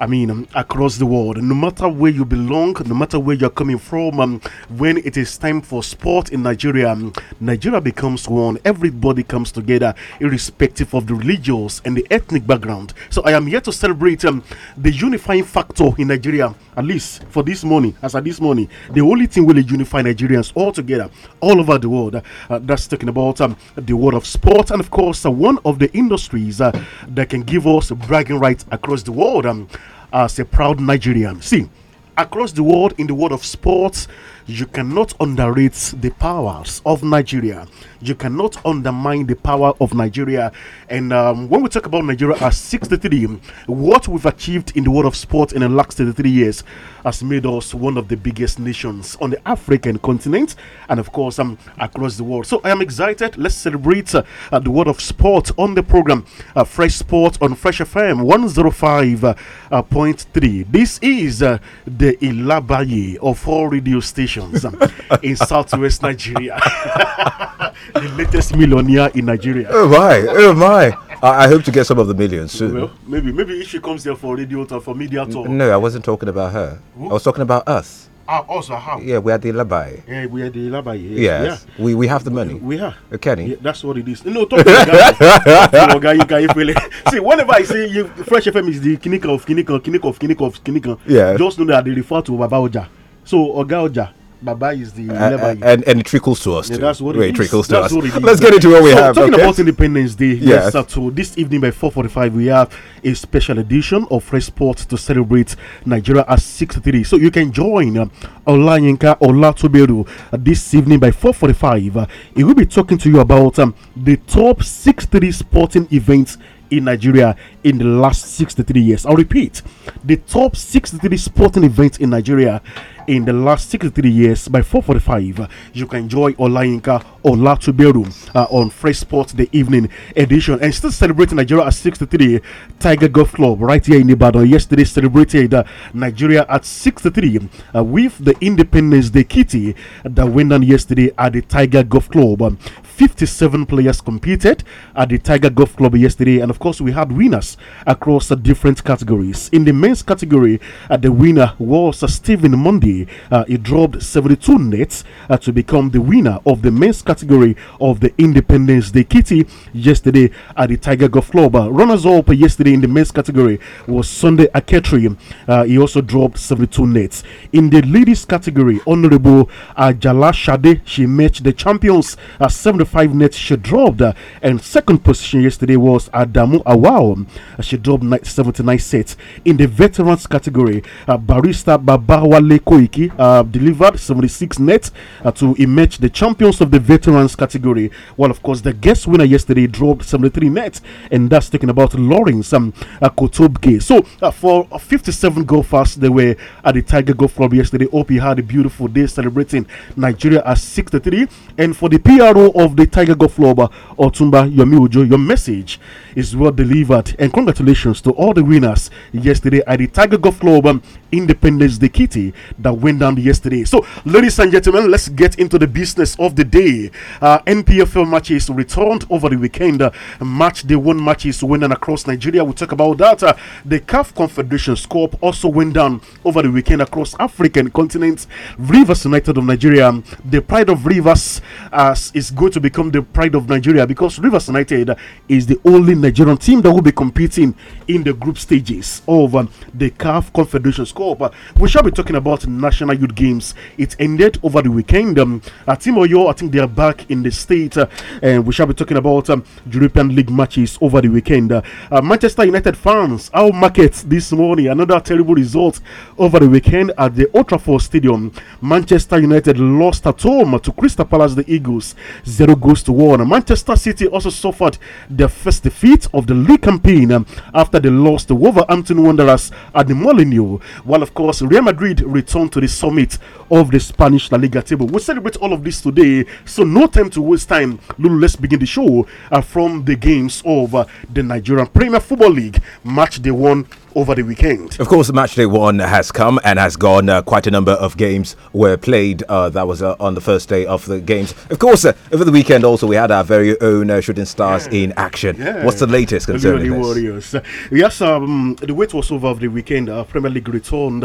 I mean, um, across the world. No matter where you belong, no matter where you're coming from, um, when it is time for sport in Nigeria, um, Nigeria becomes one. Everybody comes together, irrespective of the religious and the ethnic background. So I am here to celebrate um, the unifying factor in Nigeria, at least for this morning, as at this morning. The only thing will unify Nigerians all together, all over the world. Uh, that's talking about um, the world of sport, and of course, uh, one of the industries uh, that can give us bragging rights across the world. Um, as a proud Nigerian. See, across the world, in the world of sports, you cannot underrate the powers of Nigeria. You cannot undermine the power of Nigeria. And um, when we talk about Nigeria as 63, what we've achieved in the world of sport in the last 33 years has made us one of the biggest nations on the African continent and, of course, um, across the world. So I am excited. Let's celebrate uh, the world of sport on the program uh, Fresh Sport on Fresh FM 105.3. Uh, this is uh, the Ilabaye of all radio stations mansions um, in southwest Nigeria. the latest millionaire in Nigeria. Oh my, oh my. I, I hope to get some of the millions soon. Well, maybe maybe if she comes here for radio or for media tour. No, I wasn't talking about her. Who? I was talking about us. Ah, also ah, how? Yeah, we are the labai. Yeah, we are the labai. Yes. yes. Yeah. We we have the money. We, we are. Uh, Kenny. Yeah, that's what it is. No, talk to the guy. See, whenever I say you, Fresh FM is the kinika of kinika, kinika of kinika of kinika, yeah. just know that they refer to Baba Oja. So Oga Oja Baba is the uh, uh, and and it trickles to us yeah, too. That's what it, it trickles to that's us. Let's get into what we so, have. Talking okay. about Independence Day, yes. yes. So this evening by 4:45 we have a special edition of Fresh Sports to celebrate Nigeria at 6:30. So you can join um, Olayinka Olatuberu uh, this evening by 4:45. Uh, he will be talking to you about um, the top 63 sporting events in Nigeria in the last 63 years. I'll repeat the top 63 sporting events in Nigeria in the last 63 years by 445. You can enjoy Olayinka Olatuberu uh, on Fresh Sports the evening edition and still celebrating Nigeria at 63 Tiger Golf Club right here in Ibadan. Yesterday celebrated uh, Nigeria at 63 uh, with the Independence Day kitty that went on yesterday at the Tiger Golf Club. Um, 57 players competed at the Tiger Golf Club yesterday, and of course, we had winners across the different categories. In the men's category, uh, the winner was uh, Stephen Mundy. Uh, he dropped 72 nets uh, to become the winner of the men's category of the Independence Day Kitty yesterday at the Tiger Golf Club. Uh, runners up yesterday in the men's category was Sunday Aketri. Uh, he also dropped 72 nets. In the ladies' category, Honorable Ajala Shade, she matched the champions at 75 five nets she dropped. Uh, and second position yesterday was Adamu Awao. Uh, she dropped 79 sets. In the veterans category, uh, Barista Babawale Koiki delivered 76 nets to emerge the champions of the veterans category. Well, of course, the guest winner yesterday dropped 73 nets, and that's talking about Lawrence um, Kotobke. So, for 57 golfers, they were at the Tiger Golf Club yesterday. Hope you had a beautiful day celebrating Nigeria at 63. And for the PRO of the Thursday, Tiger Golf Lover or Yomi Ojo. Your message is well delivered, and congratulations to all the winners yesterday at the Tiger Golf Club Independence Day kitty that went down yesterday. So, ladies and gentlemen, let's get into the business of the day. Uh, NPFL matches returned over the weekend. Uh, match day one matches went on across Nigeria. We'll talk about that. Uh, the CAF Confederation Cup also went down over the weekend across African continents. Rivers United of Nigeria, the pride of Rivers, uh, is going to become the pride of Nigeria because Rivers United is the only Nigerian team that will be competing in the group stages of um, the CAF Confederation Cup scope. We shall be talking about National Youth Games. It ended over the weekend. Um, uh, Team Oyo, I think they are back in the state, uh, and we shall be talking about um, European League matches over the weekend. Uh, uh Manchester United fans, our market this morning, another terrible result over the weekend at the Old Trafford Stadium. Manchester United lost at home to Crystal Palace, the Eagles, zero goals to one. Manchester City also suffered their first defeat of the league campaign um, after they lost to Wolverhampton Wanderers at the Molineux. Well, of course, Real Madrid returned to the summit of the Spanish La Liga table. We'll celebrate all of this today, so no time to waste time. Lulu, let's begin the show uh, from the games of uh, the Nigerian Premier Football League match day one over the weekend. Of course, matchday one has come and has gone. Uh, quite a number of games were played. Uh, that was uh, on the first day of the games. Of course, uh, over the weekend also we had our very own uh, shooting stars yeah. in action. Yeah. What's the latest concerning the this? Warriors. Yes, um, the wait was over of the weekend. Uh, Premier League returned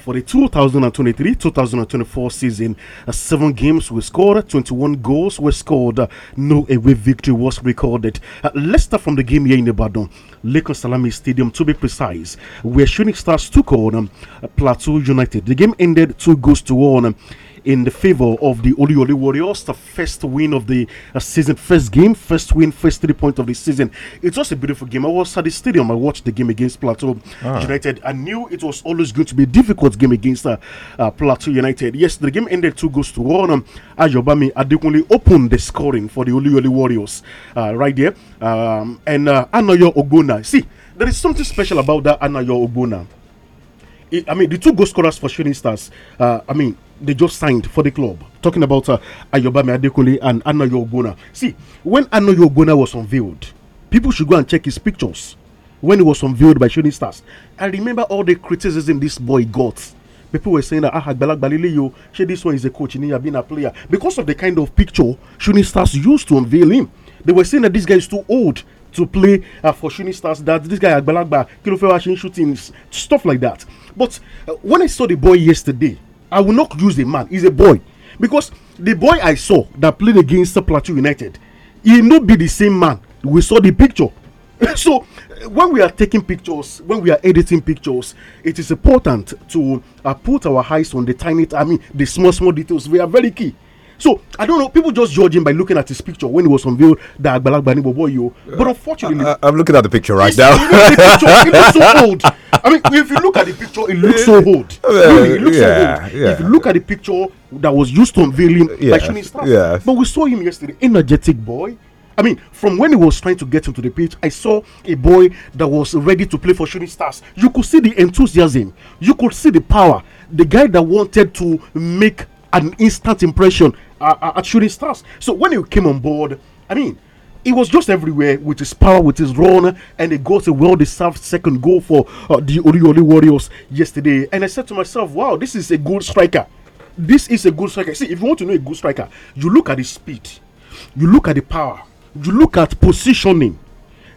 for the 2023-2024 season. seven games were scored, 21 goals were scored. no away victory was recorded. let's start from the game here in Ibadan, Lagos Salami Stadium to be precise where Shooting Stars took on um, Plateau United. The game ended two goals to one. Um, in the favor of the Oliole Warriors. The first win of the uh, season, first game, first win, first three points of the season. It was a beautiful game. I was at the stadium. I watched the game against Plateau ah. United. I knew it was always going to be a difficult game against uh, uh, Plateau United. Yes, the game ended two goals to one. Um, Ajobami Adekunle opened the scoring for the Oliole Warriors uh, right there. Um, and uh, Anoyo Ogona, see. There is something special about that Anayo Obuna. I mean, the two goal scorers for shooting stars, uh, I mean, they just signed for the club. Talking about uh, Ayobami Adekule and Anayo Obuna. See, when Anayo Obuna was unveiled, people should go and check his pictures when he was unveiled by shooting stars. I remember all the criticism this boy got people were saying that ah Agbala Galileo, she this one is a coach, he has been a player because of the kind of picture shooting stars used to unveil him. They were saying that this guy is too old to play uh, for shooting stars that this guy Agbalagba Kilofewa shooting stuff like that. But uh, when I saw the boy yesterday, I will not use the man. He's a boy because the boy I saw that played against Plateau United, he not be the same man. We saw the picture. so uh, when we are taking pictures, when we are editing pictures, it is important to uh, put our eyes on the tiny, I mean, the small, small details. We are very key. So I don't know. People just judge him by looking at his picture when he was unveiled that Agbalagba Nibo boy yo. But unfortunately, I, am looking at the picture right now. picture, looks so old. I mean, if you look at the picture, it looks so old. Really, it looks yeah, so old. Yeah. If you look at the picture that was used to unveil him, yeah, Yeah. But we saw him yesterday, energetic boy. I mean, from when he was trying to get into the pitch, I saw a boy that was ready to play for Shooting Stars. You could see the enthusiasm, you could see the power. The guy that wanted to make an instant impression at, at shooting stars. So when he came on board, I mean, he was just everywhere with his power, with his run, and he got a well deserved second goal for uh, the Oriole Warriors yesterday. And I said to myself, wow, this is a good striker. This is a good striker. See, if you want to know a good striker, you look at his speed, you look at the power, you look at positioning,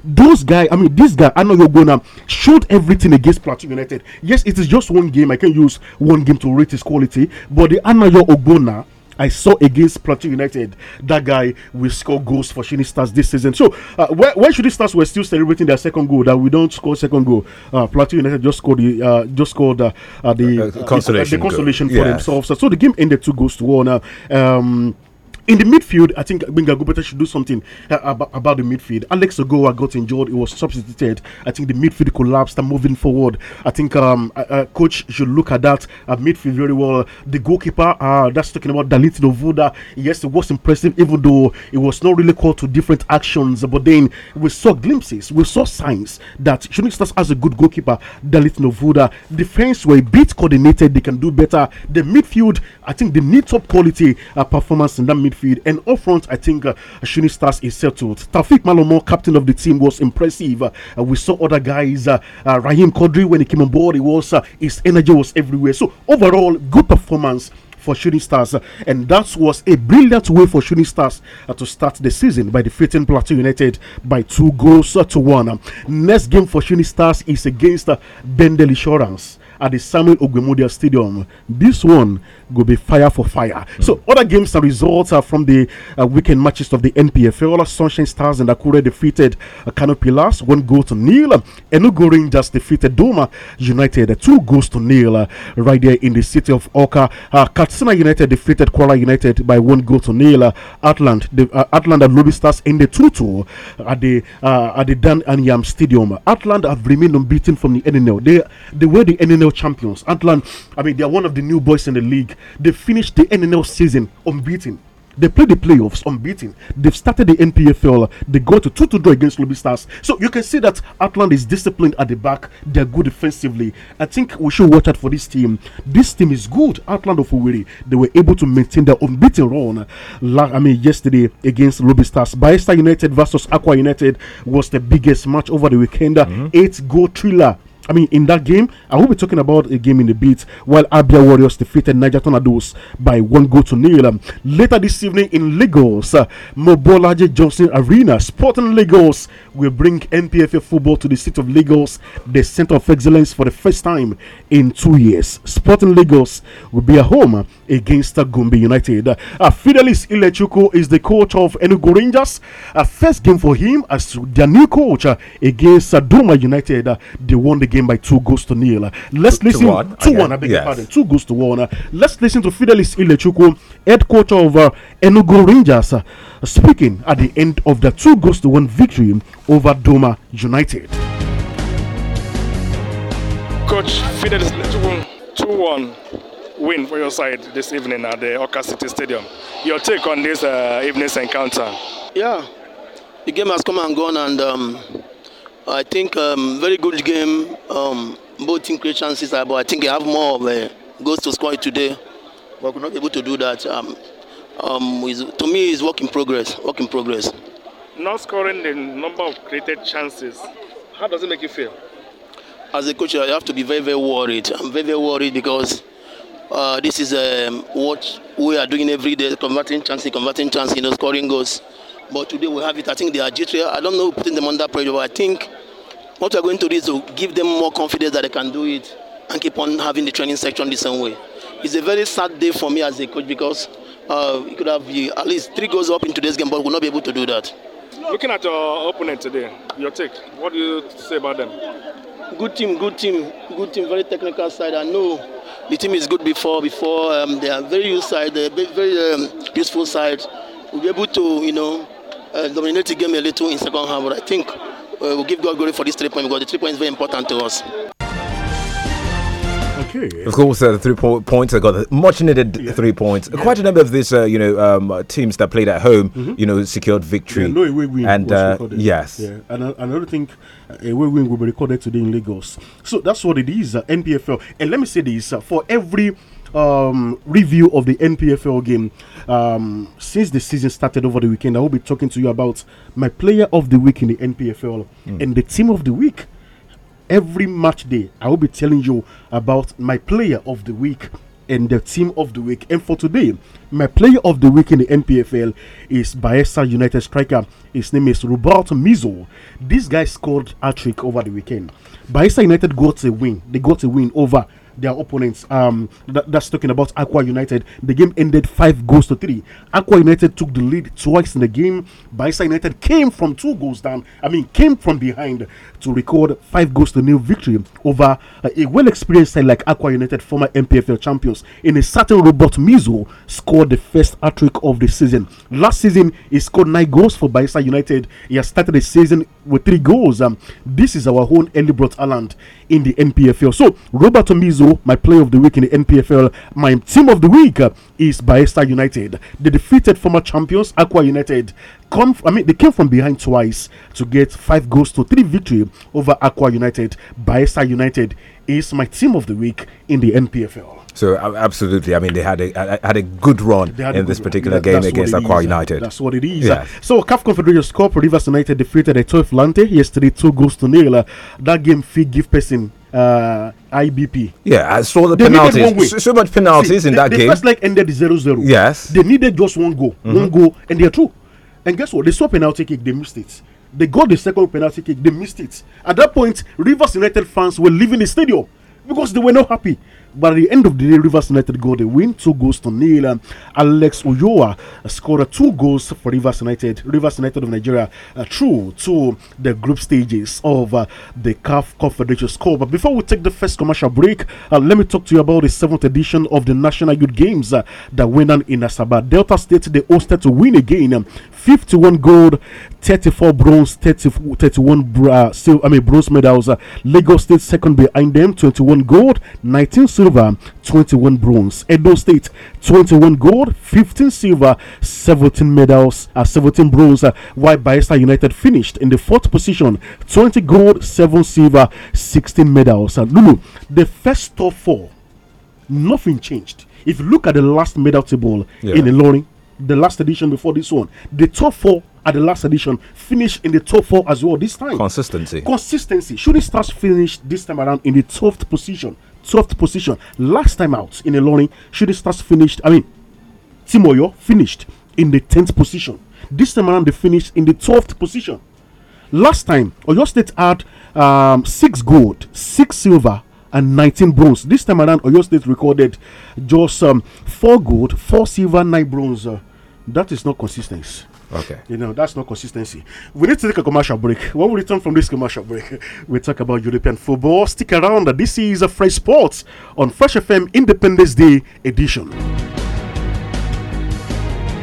those guy, I mean, this guy, I know you're gonna shoot everything against Plateau United. Yes, it is just one game. I can use one game to rate his quality, but the Anayo Ogona. I saw against Plateau United. That guy will score goals for Shini Stars this season. So, uh, why, should Stars were still celebrating their second goal that we don't score second goal? Uh, Plateau United just scored the uh, just scored uh, uh, uh, uh the, consolation the, the, consolation goal. for yes. themselves. So, so, the game ended two goals to one. Um, in the midfield, I think Winga Gubeta should do something uh, about, about, the midfield. Alex Ogoa got injured; he was substituted. I think the midfield collapsed. And moving forward, I think um, uh, uh coach should look at that uh, midfield very well. The goalkeeper, uh, that's talking about Dalit Novuda. Yes, it was impressive, even though it was not really called to different actions. But then we saw glimpses, we saw signs that Shooting Stars has a good goalkeeper, Dalit Novuda. Defense were a bit coordinated; they can do better. The midfield, I think, they need top quality uh, performance in that midfield midfield. And up front, I think uh, Shuni Stars is settled. Tafik Malomo, captain of the team, was impressive. Uh, we saw other guys, uh, uh, Raheem Kodri, when he came on board, he was uh, his energy was everywhere. So overall, good performance for Shooting Stars, uh, and that was a brilliant way for Shooting Stars uh, to start the season by defeating Plateau United by two goals to one. next game for Shooting Stars is against uh, Bendel Insurance at the Samuel Ogwemodia Stadium. This one will be fire for fire. Mm. So, other games and results are from the uh, weekend matches of the NPFL. Sunshine Stars and Akure defeated uh, Canopy Last, one goal to nil. Enugu Rangers defeated Doma United, uh, two goals to nil uh, right there in the city of Oka. Uh, Katsina United defeated Kuala United by one goal to nil. Uh, Atlant, the, uh, Atlant and Lobby Stars the 2 2 uh, at the, uh, at the Dan Anyam Stadium. Atlant have remained unbeaten from the NNL. They, the way the NNL NNL champions. Atlant. I mean, they are one of the new boys in the league. They finished the NNL season unbeaten. They played the playoffs unbeaten. They've started the NPFL. They go to 2 to draw against Lobby Stars. So you can see that Atlant is disciplined at the back. They're good defensively. I think we should watch out for this team. This team is good. Atlant of Uwiri. They were able to maintain their unbeaten run. I mean, yesterday against Lobby Stars. Baesta United versus Aqua United was the biggest match over the weekend. Mm -hmm. Eight goal thriller I mean, in that game, I will be talking about a game in a bit. While Abia Warriors defeated Niger Tornadoes by one goal to nil. Um, later this evening in Lagos, uh, Mobolaje Johnson Arena, Sporting Lagos will bring MPFA football to the city of Lagos, the center of excellence, for the first time in two years. Sporting Lagos will be at home against uh, Gombe United. Uh, uh Fidelis Ilechuko is the coach of Enugu Rangers. Uh, first game for him as their new coach uh, against uh, Duma United. Uh, they won the game game by two goals to nil. Uh, let's listen to one, two one. I beg yes. your pardon, two goals to one. Uh, let's listen to Fidelis Ilechukwu, head coach of uh, Enugu Rangers, uh, speaking at the end of the two goals to one victory over Doma United. Coach Fidelis Ilechukwu, two one win for your side this evening at the Oka City Stadium. Your take on this uh, evening's encounter? Yeah, the game has come and gone, and. Um, I think um, very good game. Um, both team create chances, uh, but I think they have more of a uh, goals to score today, but we're not able to do that. Um, um, to me, it's work in progress. Work in progress. Not scoring the number of created chances, how does it make you feel? As a coach, I have to be very, very worried. I'm very, very worried because uh, this is um, what we are doing every day: converting chances, converting chances, you know, scoring goals. But today we have it. I think they are jittery. I don't know putting them under pressure, but I think what we're going to do is to give them more confidence that they can do it and keep on having the training section the same way. It's a very sad day for me as a coach because uh, it could have at least three goals up in today's game, but we'll not be able to do that. Looking at your opponent today, your take, what do you say about them? Good team, good team, good team, very technical side. I know the team is good before, before um, they are very useful side, very um, useful side. We'll be able to, you know, uh, dominated game a little in second half, but I think uh, we'll give God glory for this three point because the three points is very important to us. Okay. Of course, uh, the three po- points. I got the much needed yeah. three points. Yeah. Quite a number of these, uh, you know, um, uh, teams that played at home, mm-hmm. you know, secured victory. Yeah, no away win. And uh, yes, yeah. And I, and a away win will be recorded today in Lagos. So that's what it is. Uh, NPFL. And let me say this: uh, for every um, review of the NPFL game. Um, since the season started over the weekend, I will be talking to you about my player of the week in the NPFL mm. and the team of the week. Every match day, I will be telling you about my player of the week and the team of the week. And for today, my player of the week in the NPFL is Baessa United striker. His name is Roberto Mizo. This guy scored a trick over the weekend. Baessa United got a win. They got a win over their opponents. Um, th- that's talking about Aqua United. The game ended five goals to three. Aqua United took the lead twice in the game. Baisa United came from two goals down. I mean, came from behind to record five goals to nil victory over uh, a well-experienced side like Aqua United, former MPFL champions. In a certain robot Mizo scored the first hat trick of the season. Last season, he scored nine goals for Baisa United. He has started the season with three goals. Um, this is our own Elibert Aland in the MPFL. So Roberto Mizo my play of the week in the NPFL. My team of the week is Baesta United. They defeated former champions Aqua United. Come, I mean, they came from behind twice to get five goals to three victory over Aqua United. Baesta United is my team of the week in the NPFL. So absolutely, I mean they had a had a good run in this particular game that's against Aqua United. That's what it is. Yeah. So CAF Confederations Cup, Rivers United defeated Eto'o Lante yesterday, two goals to nil. Uh, that game fee give person uh, IBP. Yeah, I saw the they penalties. So, so, much penalties See, in that the game. The like ended 0 0. Yes. They needed just one goal. Mm -hmm. One goal, and they're true. And guess what? They saw penalty kick, they missed it. They got the second penalty kick, they missed it. At that point, Rivers United fans were leaving the stadium because they were not happy. But at the end of the day, Rivers United got a win, two goals to nil. Um, Alex Uyoa scored two goals for Rivers United. Rivers United of Nigeria uh, through to the group stages of uh, the CAF Confederation Cup. But before we take the first commercial break, uh, let me talk to you about the seventh edition of the National Youth Games uh, that went on in Asaba. Delta State they hosted to win again, um, 51 gold 34 bronze, 30, 31 bra, still, I mean, bronze medals. Uh, Lagos State second behind them, 21 gold, 19 silver, 21 bronze. Edo State 21 gold, 15 silver, 17 medals, uh, 17 bronze. Uh, while United finished in the fourth position, 20 gold, 7 silver, 16 medals. Uh, Lulu, the first top four, nothing changed. If you look at the last medal table yeah. in the Loring, the last edition before this one, the top four at the last edition finished in the top four as well this time. Consistency. Consistency. Shooting Stars finished this time around in the 12th position. 12th position. Last time out in the learning, Shooting Stars finished, I mean, Timoyo finished in the 10th position. This time around, they finished in the 12th position. Last time, Oyo State had um, 6 gold, 6 silver, and 19 bronze. This time around, Oyo State recorded just um, 4 gold, 4 silver, 9 bronze. Uh, that is not consistency. Okay. You know, that's not consistency. We need to take a commercial break. When we return from this commercial break, we talk about European football. Stick around. This is a Fresh Sports on Fresh FM Independence Day edition.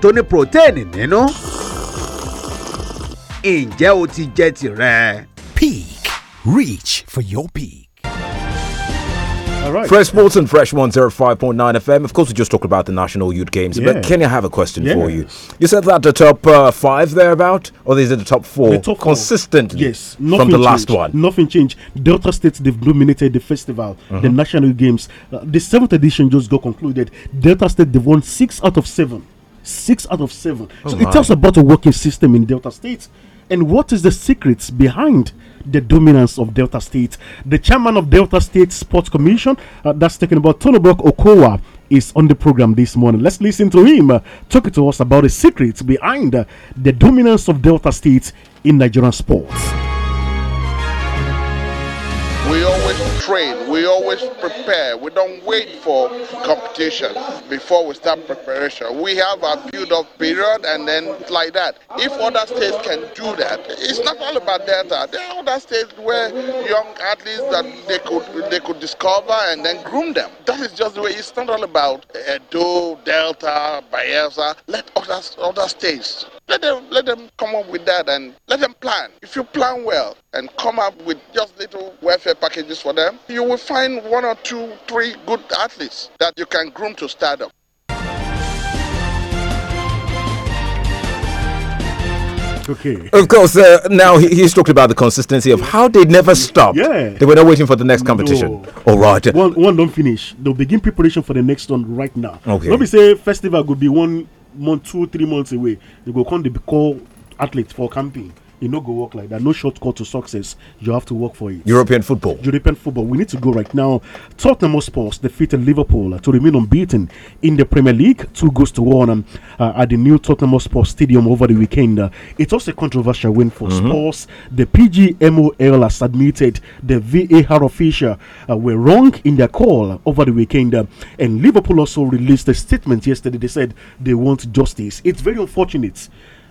tó ní protein nínú. ǹjẹ́ o ti jẹ tirẹ̀? Peak reach for your peak. Right. Fresh Sports and Fresh 105.9 FM. Of course, we just talked about the National Youth Games, yeah. but can I have a question yeah. for you? You said that the top uh, five thereabout, or is it the top four the top consistently? Four. Yes, nothing from the changed. last one. Nothing changed. Delta State, they've dominated the festival, the mm-hmm. National Games. Uh, the seventh edition just got concluded. Delta State, they've won six out of seven. Six out of seven. Oh so my. it tells about a working system in Delta State. And what is the secrets behind the dominance of Delta State? The chairman of Delta State Sports Commission, uh, that's talking about Tonobok Okowa, is on the program this morning. Let's listen to him uh, talking to us about the secrets behind uh, the dominance of Delta State in Nigerian sports. train. We always prepare. We don't wait for competition before we start preparation. We have a build up period and then like that. If other states can do that, it's not all about data. There are other states where young athletes that they could they could discover and then groom them. That is just the way it's not all about Edo, Delta, Bayelsa. Let other other states let them let them come up with that and let them plan. If you plan well and come up with just little welfare packages for them, you will find one or two, three good athletes that you can groom to stardom. Okay. Of course, uh, now he, he's talking about the consistency of how they never stop. Yeah. They were not waiting for the next competition. No. All right. One, one don't finish. They'll begin preparation for the next one right now. Okay. Let me say festival could be one month two three months away you go come dey call athletes for camping it no go work like that. No shortcut to success. You have to work for it. European football. European football. We need to go right now. Tottenham Sports defeated Liverpool to remain unbeaten in the Premier League. Two goals to one um, uh, at the new Tottenham Sports Stadium over the weekend. Uh, it was a controversial win for mm -hmm. Spurs. The PGMOL has admitted the VAR official uh, were wrong in their call over the weekend. Uh, and Liverpool also released a statement yesterday. They said they want justice. It's very unfortunate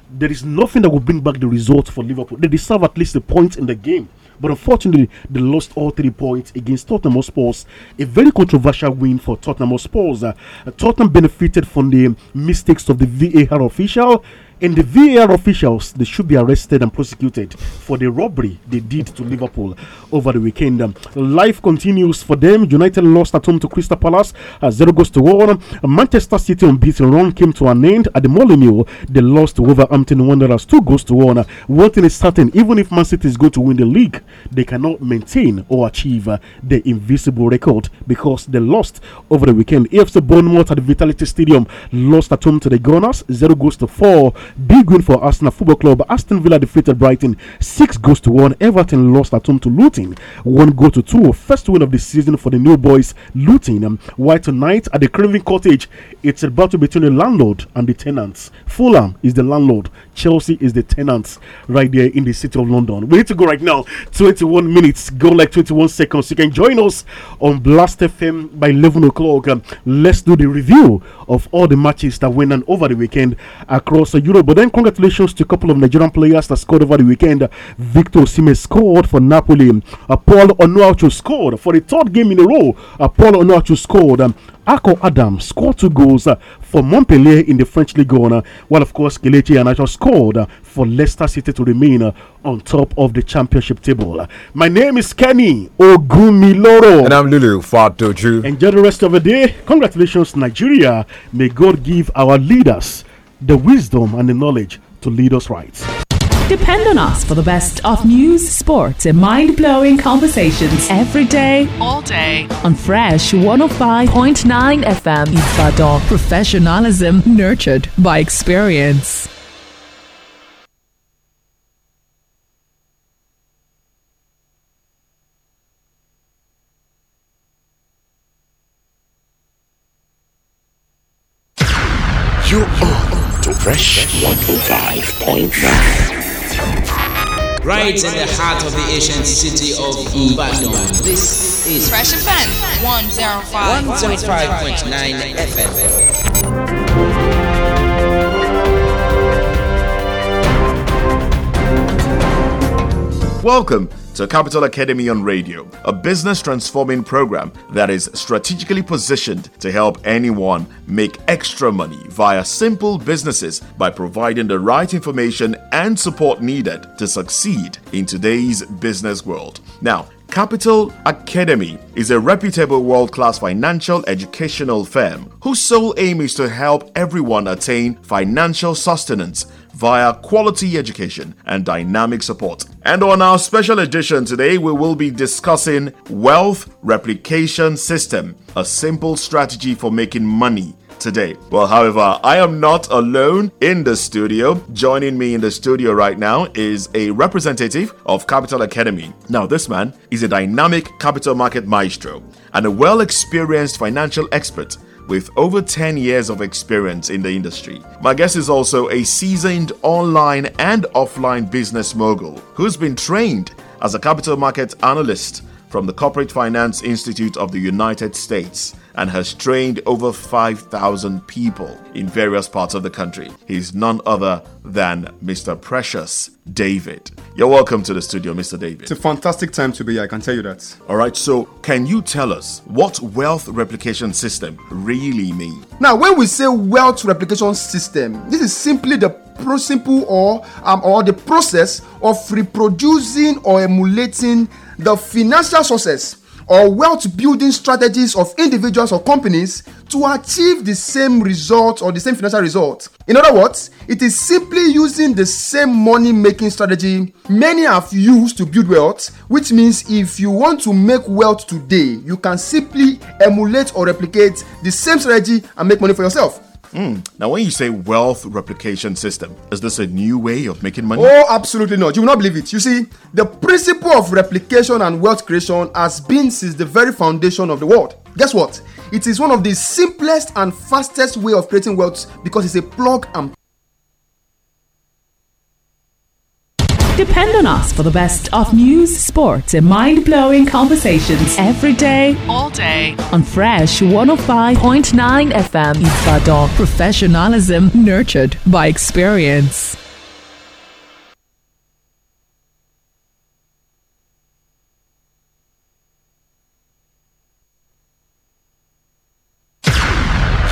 there is nothing that will bring back the result for Liverpool. They deserve at least a point in the game. But unfortunately, they lost all three points against Tottenham Hotspurs. A very controversial win for Tottenham Hotspurs. Uh, Tottenham benefited from the mistakes of the VAR official in the VAR officials, they should be arrested and prosecuted for the robbery they did to Liverpool over the weekend. Um, life continues for them. United lost at home to Crystal Palace, as uh, 0 goes to 1. Manchester City on beating run came to an end at the Molyneux. They lost to Wolverhampton Wanderers, 2 goes to 1. Uh, one thing is certain, even if Man City is going to win the league, they cannot maintain or achieve uh, the invisible record because they lost over the weekend. AFC Bournemouth at the Vitality Stadium lost at home to the Gunners, 0 goes to 4. Big win for Arsenal Football Club. Aston Villa defeated Brighton six goals to one. Everton lost at home to Luton one goal to two. First win of the season for the new boys Luton. Um, why tonight at the Craven Cottage, it's a battle between the landlord and the tenants. Fulham is the landlord, Chelsea is the tenants right there in the city of London. We need to go right now. 21 minutes, go like 21 seconds. You can join us on Blast FM by 11 o'clock. Um, let's do the review of all the matches that went on over the weekend across Europe but then congratulations to a couple of Nigerian players that scored over the weekend. Victor Sime scored for Napoli. Uh, Paul Onuachu scored for the third game in a row. Uh, Paul Onuachu scored. Um, Ako Adam scored two goals uh, for Montpellier in the French League One, uh, while of course Kelechi just scored uh, for Leicester City to remain uh, on top of the championship table. my name is Kenny Ogumiloro. And I'm Lulu Fatoju. Enjoy the rest of the day. Congratulations, Nigeria. May God give our leaders the wisdom and the knowledge to lead us right. Depend on us for the best of news, sports, and mind blowing conversations every day, all day on Fresh 105.9 FM Ibadan. Professionalism nurtured by experience. Fresh 105.9. Right in the heart of the ancient city of Ibadan, this is Fresh FM. 105.9 FM. Welcome to Capital Academy on Radio, a business transforming program that is strategically positioned to help anyone make extra money via simple businesses by providing the right information and support needed to succeed in today's business world. Now, Capital Academy is a reputable world class financial educational firm whose sole aim is to help everyone attain financial sustenance via quality education and dynamic support. And on our special edition today, we will be discussing Wealth Replication System, a simple strategy for making money today. Well, however, I am not alone in the studio. Joining me in the studio right now is a representative of Capital Academy. Now, this man is a dynamic capital market maestro and a well experienced financial expert with over 10 years of experience in the industry. My guest is also a seasoned online and offline business mogul who's been trained as a capital market analyst from the Corporate Finance Institute of the United States and has trained over 5,000 people in various parts of the country. He's none other than Mr. Precious David. You're welcome to the studio, Mr. David. It's a fantastic time to be here, I can tell you that. All right, so can you tell us what wealth replication system really means? Now, when we say wealth replication system, this is simply the pro- simple or um, or the process of reproducing or emulating the financial success or wealth building strategies of individuals or companies to achieve the same result or the same financial result. In other words, it is simply using the same money making strategy many have used to build wealth, which means if you want to make wealth today, you can simply emulate or replicate the same strategy and make money for yourself. Mm. Now, when you say wealth replication system, is this a new way of making money? Oh, absolutely not. You will not believe it. You see, the principle of replication and wealth creation has been since the very foundation of the world. Guess what? It is one of the simplest and fastest way of creating wealth because it's a plug and Depend on us for the best of news, sports, and mind blowing conversations every day, all day on Fresh 105.9 FM. Ifadon. Professionalism nurtured by experience.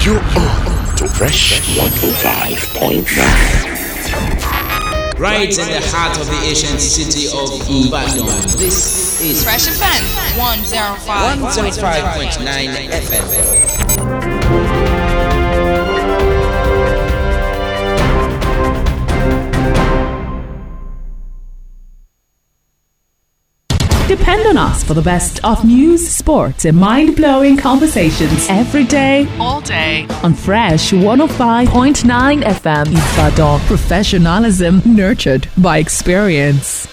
You're on to Fresh 105.9 right in the heart of the ancient city of Ibadan. This is Fresh Offense 105.9 FM. Depend on us for the best of news, sports, and mind blowing conversations every day, all day on Fresh 105.9 FM Ifadon. Professionalism nurtured by experience.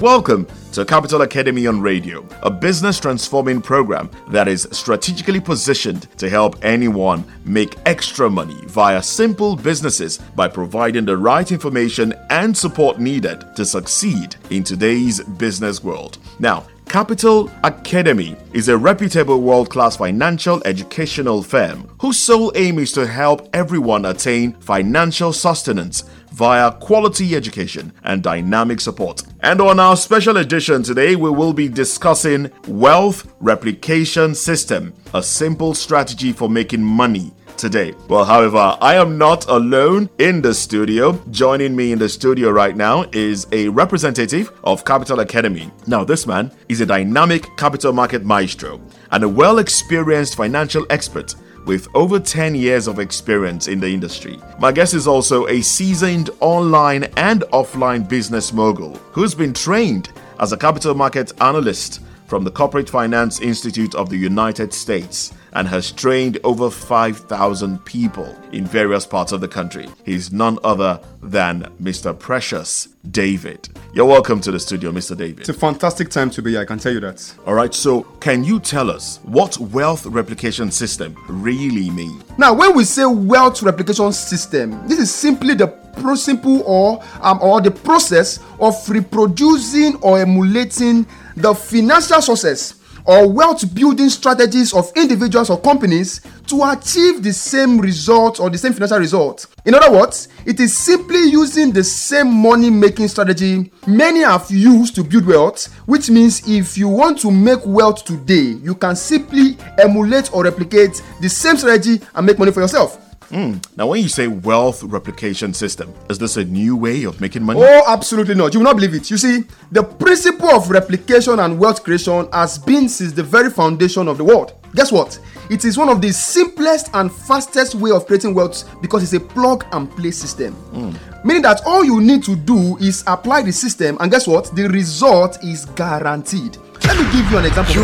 Welcome to Capital Academy on Radio, a business transforming program that is strategically positioned to help anyone make extra money via simple businesses by providing the right information and support needed to succeed in today's business world. Now, Capital Academy is a reputable world class financial educational firm whose sole aim is to help everyone attain financial sustenance via quality education and dynamic support. And on our special edition today, we will be discussing Wealth Replication System, a simple strategy for making money today. Well, however, I am not alone in the studio. Joining me in the studio right now is a representative of Capital Academy. Now, this man is a dynamic capital market maestro and a well experienced financial expert with over 10 years of experience in the industry. My guest is also a seasoned online and offline business mogul who's been trained as a capital market analyst from the Corporate Finance Institute of the United States and has trained over 5,000 people in various parts of the country. He's none other than Mr. Precious David. You're welcome to the studio, Mr. David. It's a fantastic time to be here, I can tell you that. All right, so can you tell us what wealth replication system really means? Now, when we say wealth replication system, this is simply the simple or um, or the process of reproducing or emulating the financial success or wealth building strategies of individuals or companies to achieve the same result or the same financial result. In other words, it is simply using the same money making strategy many have used to build wealth, which means if you want to make wealth today, you can simply emulate or replicate the same strategy and make money for yourself. Mm. Now, when you say wealth replication system, is this a new way of making money? Oh, absolutely not. You will not believe it. You see, the principle of replication and wealth creation has been since the very foundation of the world. Guess what? It is one of the simplest and fastest way of creating wealth because it's a plug and play system. Mm. Meaning that all you need to do is apply the system, and guess what? The result is guaranteed. Let me give you an example.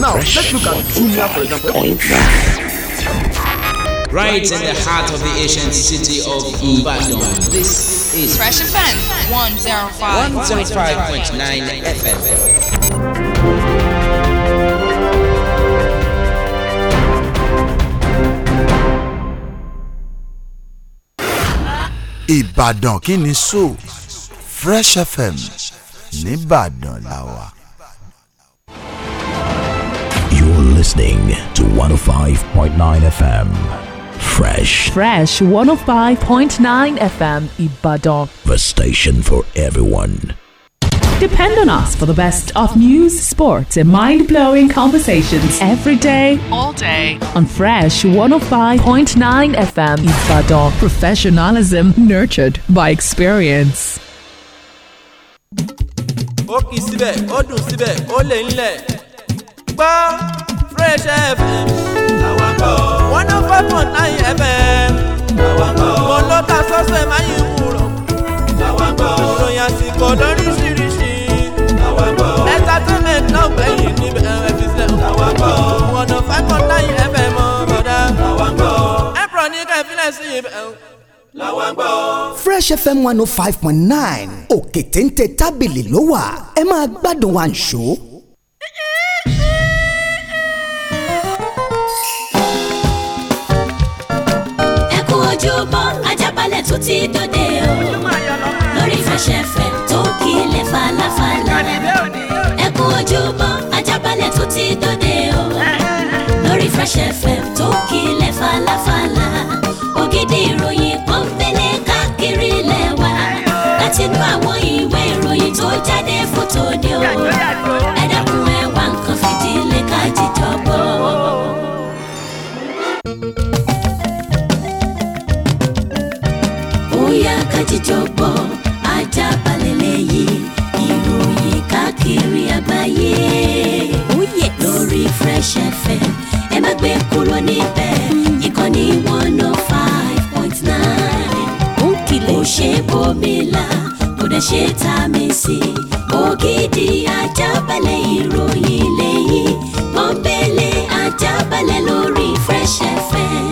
now, let's look at Jumia, for example right in the heart of the ancient city of Ibadan. This is Fresh FM 105. 105.9 FM. Ìbàdàn kí sọ Fresh FM Ibadan, lawa làwà. You're listening to 105.9 FM. Fresh. Fresh 105.9 FM Ibadan. The station for everyone. Depend on us for the best of news, sports, and mind blowing conversations every day, all day on Fresh 105.9 FM Ibadan. Professionalism nurtured by experience. ó síbẹ̀ odun síbẹ̀ ó lè ń Fresh FM làwọn kọ́ one oh five point nine fm. mo ló ta sọ́sẹ̀ máa yí wúrọ̀. ìròyìn àsìkò lóríṣiríṣi. entertainment náà gbẹ̀yìn níbẹ̀ ẹ̀fí sẹ́. one oh five point nine fm ọ̀dà. ẹ̀pọ̀ ní kẹ́fílẹ̀ sí ibẹ̀ fresh fm one oh five point nine òkè téńté tábìlì ló wà ẹ máa gbádùn àǹṣó. tún ti dòde o lórí fẹsẹ̀fẹ̀ tó kílẹ̀ falafala ẹ kú ojúmọ́ ajábalẹ̀ tún ti dòde o lórí fẹsẹ̀fẹ̀ tó kílẹ̀ falafala ògidì ìròyìn kan fẹ́lẹ́ káàkiri lẹ́wà láti inú àwọn ìwé ìròyìn tó jáde fótó ni o ẹ dákun nǹkan fìdílé ká jíjọ gbọ́. ọ̀jọ̀gbọ́n Ajaabale lẹ́yìn ìròyìn káàkiri àgbáyé. Ó oh, yẹ lórí Fresh FM ẹ má gbé kúrò níbẹ̀ ìkànnì one oh five point nine. Ó kìlẹ̀ ó ṣe bòmílà kò dẹ̀ ṣe tá a mi sí. Ògidì Ajaabale ìròyìn lẹ́yìn pọ́npẹ́lẹ́ Ajaabale lórí Fresh FM.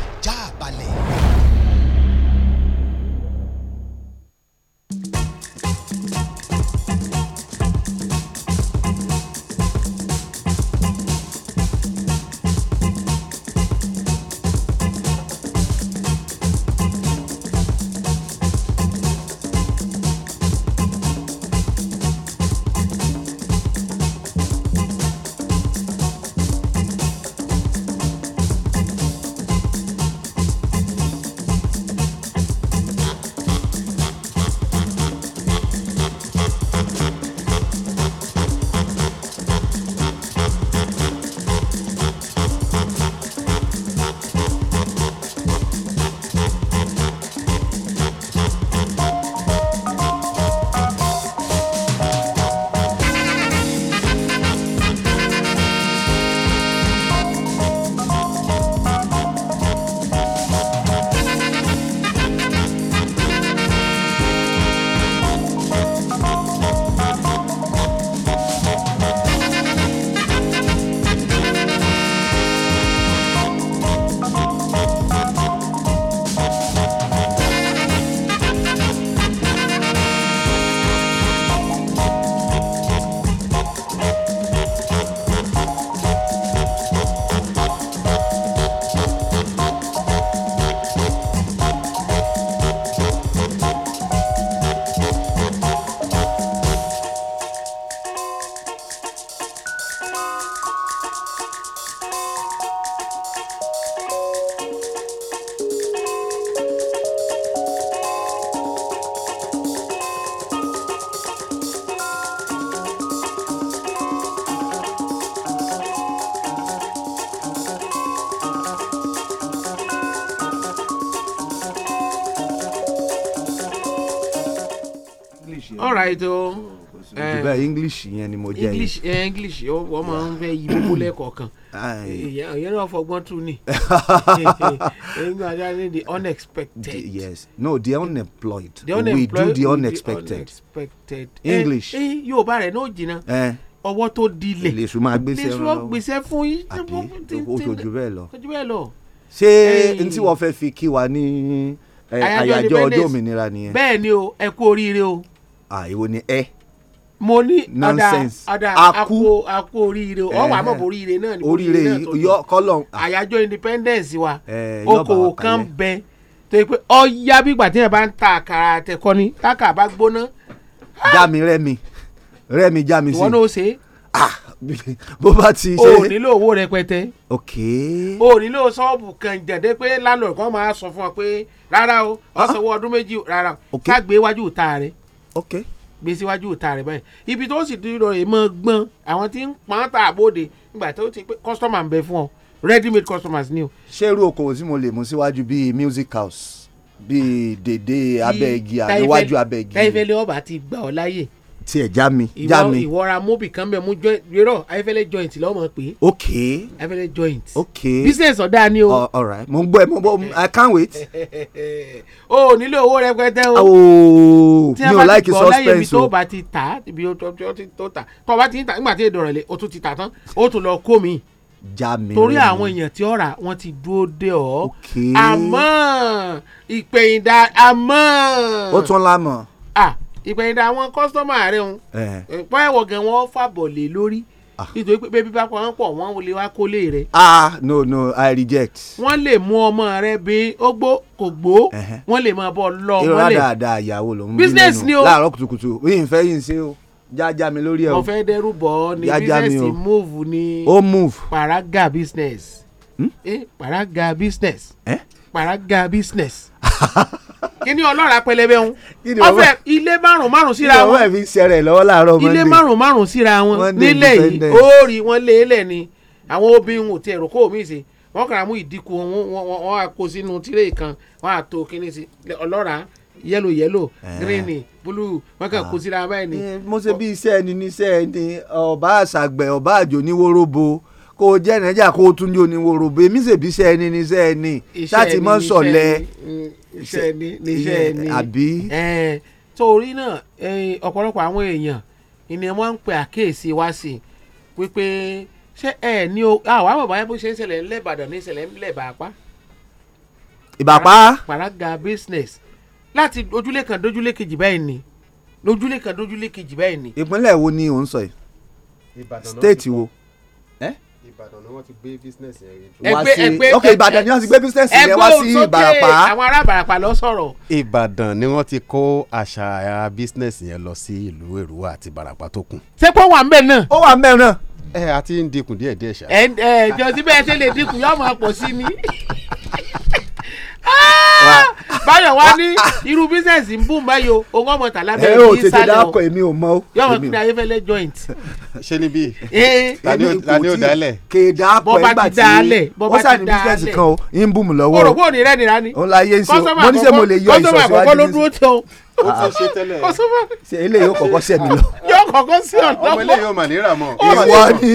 title dubai english yẹn ni mo jẹ english english wọ́n máa ń fẹ́ yí gbogbo lẹ́kọ̀ọ̀kan ìyẹn náà fọgbọ́n tún ni nígbà tí a the unexpected. yes no the unemployed the unemployed we do the unexpected, unexpected. english yorùbá rẹ̀ n'ó jìnnà ọwọ́ tó dilẹ̀ lèṣu máa gbèsè lèṣu ó gbèsè fún yín. àbí ojú bẹ́ẹ̀ lọ ojú bẹ́ẹ̀ lọ. ṣé n tí wọ́n fẹ́ fi kí wa ní àyájọ́ ọjọ́ òmìnira nìyẹn. bẹ́ẹ̀ ni o ẹ kú oríire o àìwo ni ẹ. mo ní nonsense akú aku oríire ọ wà mọ̀ bó oríire náà ni oríire yìí yọ kọ́lọ̀. àyájọ́ independence wa okòwò kan bẹ tó yẹ pé ọ yá bí ìgbà tí yẹn bá ń ta àkàrà àtẹ̀kọ́ ni táàkà bá gbóná. jámi rẹmi rẹmi jámi sí. ìwọ náà ó ṣe é bó bá ti ṣe. o nílò owó rẹpẹtẹ. ok. o nílò sọ́ọ̀bù kan jẹ̀dẹ́ pé lánàá kan máa sọ fún ọ pé rárá o ọ̀sẹ̀wọ́ ah. ọdún méjì rárá o ká gbé wájú ìta rẹ ok gbé síwájú ìta rẹ báyìí ibi tó sì dúró rẹ mọ gbọn àwọn tí ń pọn tà àbòde nígbà tó ti pé customer ń bẹ fún ọ ready made customers ni o. ṣé irú okòwò tí mo lè mú síwájú bíi music house bíi dèdè abẹ́gi àníwájú abẹ́gi. táyé fẹ́lẹ́ ọba ti gbà ọ láyè tiẹ̀ já mi já mi. ìwọra mobi kan bẹ mú rírọ ayẹfẹlẹ joint lọmọ pé. ok ayẹfẹlẹ joint. ok business ọ̀dà ni o. all right mo ń gbọ́ ẹ mo ń bọ̀ i can't wait. o ò nílò owó rẹpẹtẹ o. ooo mi ò like suspense o. tí a bá ti gbọ́ láyé ibi tó bá ti tà ibi tó tà tó bá ti ń tà nígbà tí èdè ọ̀rọ̀ lé o tún ti tà tán o tún lọ kó mi já mi rìn torí àwọn èèyàn tí ó rà wọ́n ti dúró dé ọ àmọ́ ìpèyìndà àmọ́. ó tún lámọ̀. ah ìgbẹ̀yìndà àwọn kọ́sítọ́mà rẹ̀ ń pọ́ ẹ̀wọ̀ gan wọ́n fàbọ̀ lé lórí ah. nítorí pé bébí bá pa wọ́n pọ̀ wọ́n lè wá kólé rẹ̀. ah no no i reject. wọ́n lè mú ọmọ rẹ bí ó gbó kò gbó wọ́n lè máa bọ̀ lọ. ìrora dáadáa ìyàwó lòún bí lẹ́nu láàárọ̀ kùtùkùtù yìí ń fẹ́ yìí ń ṣe o jájá mi lórí ẹ o. mo fẹ́ dẹ́rù bọ́ ni business move ni. O move. paraga business. Hmm? Eh, paraga business. Eh? paraga business kíní ọlọ́ra pẹlẹbẹ ń ọfẹ ilé márùn márùn síra wọn ilé márùn márùn síra wọn nílẹ̀ yìí ó rí wọn léèlẹ̀ ni àwọn obìnrin ò tiẹ̀ rò kó omi ṣe wọn kàrà mú ìdínkù wọn wọn á kó sínú tíré kan wọn á tó kíní sí ọlọ́ra yẹlò yẹlò gíríìnì búlù wọn kàn kó síra báyìí ni. Eh, mo ṣe bí iṣẹ́ ẹni ní iṣẹ́ ẹni ọba àṣàgbẹ̀ ọba àjò ní wóróbo kó o jẹ́ nàìjíríà kó o tún ní oníwòrò bẹ́ẹ̀ mi ṣèbí iṣẹ́ ẹni ní iṣẹ́ ẹni láti mọ́ sọ̀lẹ̀ iṣẹ́ ẹni ní iṣẹ́ ẹni àbí. torí náà ọ̀pọ̀lọpọ̀ àwọn èèyàn ìnìyàn máa ń pè àkíyèsí wá sí wípé ṣé ẹ ní o àwọn àwọn àbáyé bó ṣe ń ṣẹlẹ̀ ńlẹ̀ ìbàdàn ní ìṣẹ̀lẹ̀ ńlẹ̀ ìbàpá. ìbàpá. paraga business láti ojúlé kan dojúlé kejì báyìí ni lójúlé kan dojúlé kejì báyìí ni. ìpínlẹ̀ wo ni ò sọ yìí? state wo ìbàdàn ni wọ́n ti gbé business yẹn rí. ẹgbẹ́ ẹgbẹ́ ok ìbàdàn ni wọ́n ti gbé business yẹn wá sí ìbàràpá. àwọn ará ìbàràpá ló sọ̀rọ̀. ìbàdàn ni wọ́n ti kó àṣà business yẹn lọ sí ìlú èrúwà àti ìbàràpá tó kù. ṣé kó wà ń bẹ̀ náà. ó wà ń bẹ̀ náà. ẹ àti ń dínkù díẹ̀ díẹ̀ ṣá. ẹ ẹ jọ síbẹ̀ ṣe lè dínkù yọ̀ọ́ máa pọ̀ sí ni. Ah! báyọ̀ wá ní ah! irú bísẹ̀sì ń bùn báyọ̀ òun ọmọ tàlá bẹ̀rẹ̀ ní sálẹ̀ o yọ̀mọ̀ èmi ò mọ̀ o. yọ̀mọ̀ kí ni ayéfẹ́lẹ́ joint. ṣé níbí eh, tani ò dálẹ̀. kéda pọ̀ nígbà tí wọ́n sàn ní bísẹ̀sì kan o ń bùn mi lọ́wọ́ o. òrògbò òní rẹ̀ nira ni. òun la yé ń sọ mo ní sẹ́ mo lè yọ ìsọ̀síwájú ní. kọ́sọ́mà àkọ́kọ́ ló dúró tẹ o. ó ti ṣe tẹ́lẹ̀. kọ́sọ́mà. eléyìí ó kọ̀kọ́ sẹ́mi lọ. kọ̀ọ̀kan sí ọ̀dọ́ ọmọ ilé yóò mà nira mọ́. ìwọ ni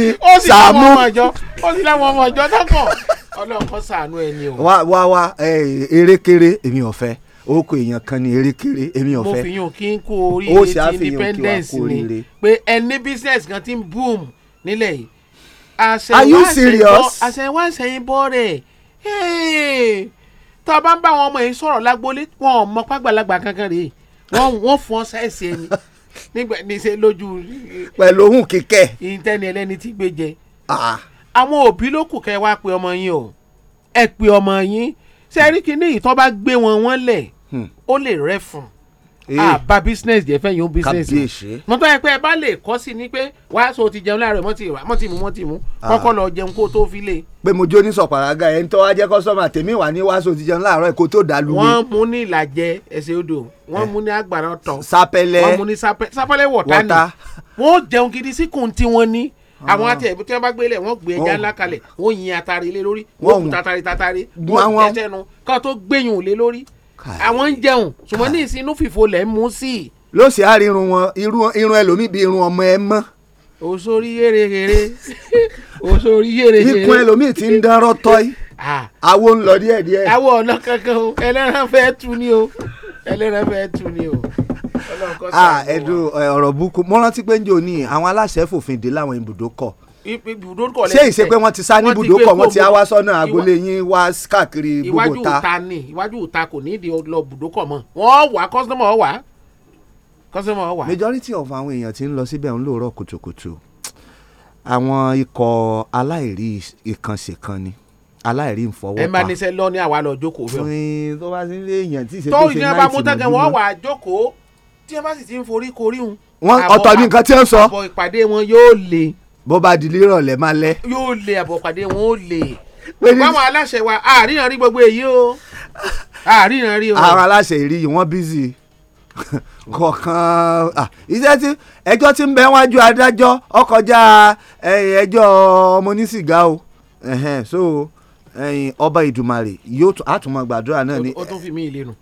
sàmú ó sì láwọn ọmọ ìjọ tọkọ ọlọ́kọ sànú ẹni o. wá wá wá erékeré èmi ò oko èèyàn kan ni erékeré èmi ò mo fi yàn kí n kó oríire ti independence ni pé ẹni business kan ti ń boom nílẹ̀ yìí. are you serious? àṣẹwá àṣẹyìn bọ́ rẹ̀ tó o bá ń bá àwọn ọmọ yìí sọ̀rọ̀ lágbólé wọn ò mọ pàgbàlagbà kankan rèé wọ́n fún ọ sáyẹ̀sì ẹni nígbà níṣẹ́ lójú. pẹ̀lú ohun kíkẹ́. ìtẹ́ni ẹlẹ́ni tí gbé jẹ. Ah. àwọn òbí ló kù kẹ́ wá pe ọmọ yín o ẹ pe ọmọ yín ṣe é rí kíní ìtọ́ bá gbé wọn wọ́n lẹ̀ hmm. ó lè rẹ́ fún un àbá eh. ah, business jẹ fẹ́ yóò business yìí mo tọ́ ẹ pé ẹ bá lè kọ́ sí ni pé wá so ti jẹun láàárọ̀ mọ́ ti rà mọ́ ti mú mọ́ ti mú ah. kọ́kọ́ lọ jẹun kó tó fi lé. pé mo jó ní sọ̀pàràgà ẹ̀ ń tọ́ ajẹ́ kọ́sọ́mà tèmi wà ní wá so ti jẹun láàárọ̀ kó tó dàlú mi. wọ́n mú ní ìlàjẹ ẹsẹ̀ odò wọ́n eh. mú ní agbára ọ̀tọ̀ sápẹ́lẹ́ wọ́n mú ní sápẹ́lẹ́ wọ̀tá ni wọ́n jẹun gidi síkùn tí wọ́n ní ah. àwọn àti ẹ̀bùn tí wọ́n bá gbélé wọ́n gbé ẹja ńlá kalẹ̀ wọ́n yin atari lé lórí wọ́n kú tatari tatari wọ́n jẹ́ sẹ́nu kí tó gbẹ̀yìn lé lórí àwọn ń jẹun ṣùgbọ́n ní ìsinú fìfo lẹ̀ ń mú sí i. ló sì á rí irun wọn irun ẹlòmíì bíi irun ọmọ ẹ mọ́. òṣòrí yéreyére òṣòrí yéreyére. ikùn ẹlòmíì ti ń dán rọ́tọ́ yìí. àwo ń lọ díẹ̀díẹ̀. àwo ọ̀nà kankan o ẹlẹ́ran fẹ́ tu ni o ẹlẹ́ran fẹ́ tu ni o ẹdùn ọ̀rọ̀ burúkú mo rántí pé ń jò ní àwọn aláṣẹ fòfin dé láwọn ibùdókọ̀ ibùdókọ̀ lẹ́yìn tẹ̀ ṣé ìṣe pé wọ́n ti sá ní ibùdókọ̀ wọ́n ti wá sọ́nà agboolé yín wá káàkiri gbogbo ta. iwájú ìta ni iwájú ìta kò ní ìdí lọ ibùdókọ̀ mọ́ wọ́n wà kọ́sítọ́mọ̀ wà kọ́sítọ́mọ̀ wà. majority of àwọn èèyàn ti ń lọ síbẹ̀ ń lòórọ̀ kùtùkùtù àwọn ikọ̀ aláìrí ìkànṣe kan ni aláìrí ìfọwọ́pa. ẹ máa níṣẹ́ lọ ní àwa lọ jókòó fún. tó bá sí ilé èèyàn tí ìṣèjọba náà ti mọ bí wà á jókòó tí ẹ bá sì ti ń forí korí hun. wọn ọ̀tọ̀ ní nǹkan tí ń sọ. àbọ̀ ìpàdé wọn yóò le bó bá di lérọ̀lẹ́ máa lẹ́. yóò lè àbọ̀pàdé wọn ó lè báwọn aláṣẹ wa àríyàn rí gbogbo èyí o àríyàn rí o. àwọn aláṣẹ ìrí yìí wọ́n bízì kọ̀ọ̀kan iṣẹ́ tí ẹjọ́ tí ń bẹ wájú adájọ́ ọkọjá ẹjọ́ ọmọ onísìgá o so ọba ìdùmarè yóò tún àtúmọ̀ gbàdúrà náà ni. ó tún fi mí ìlénu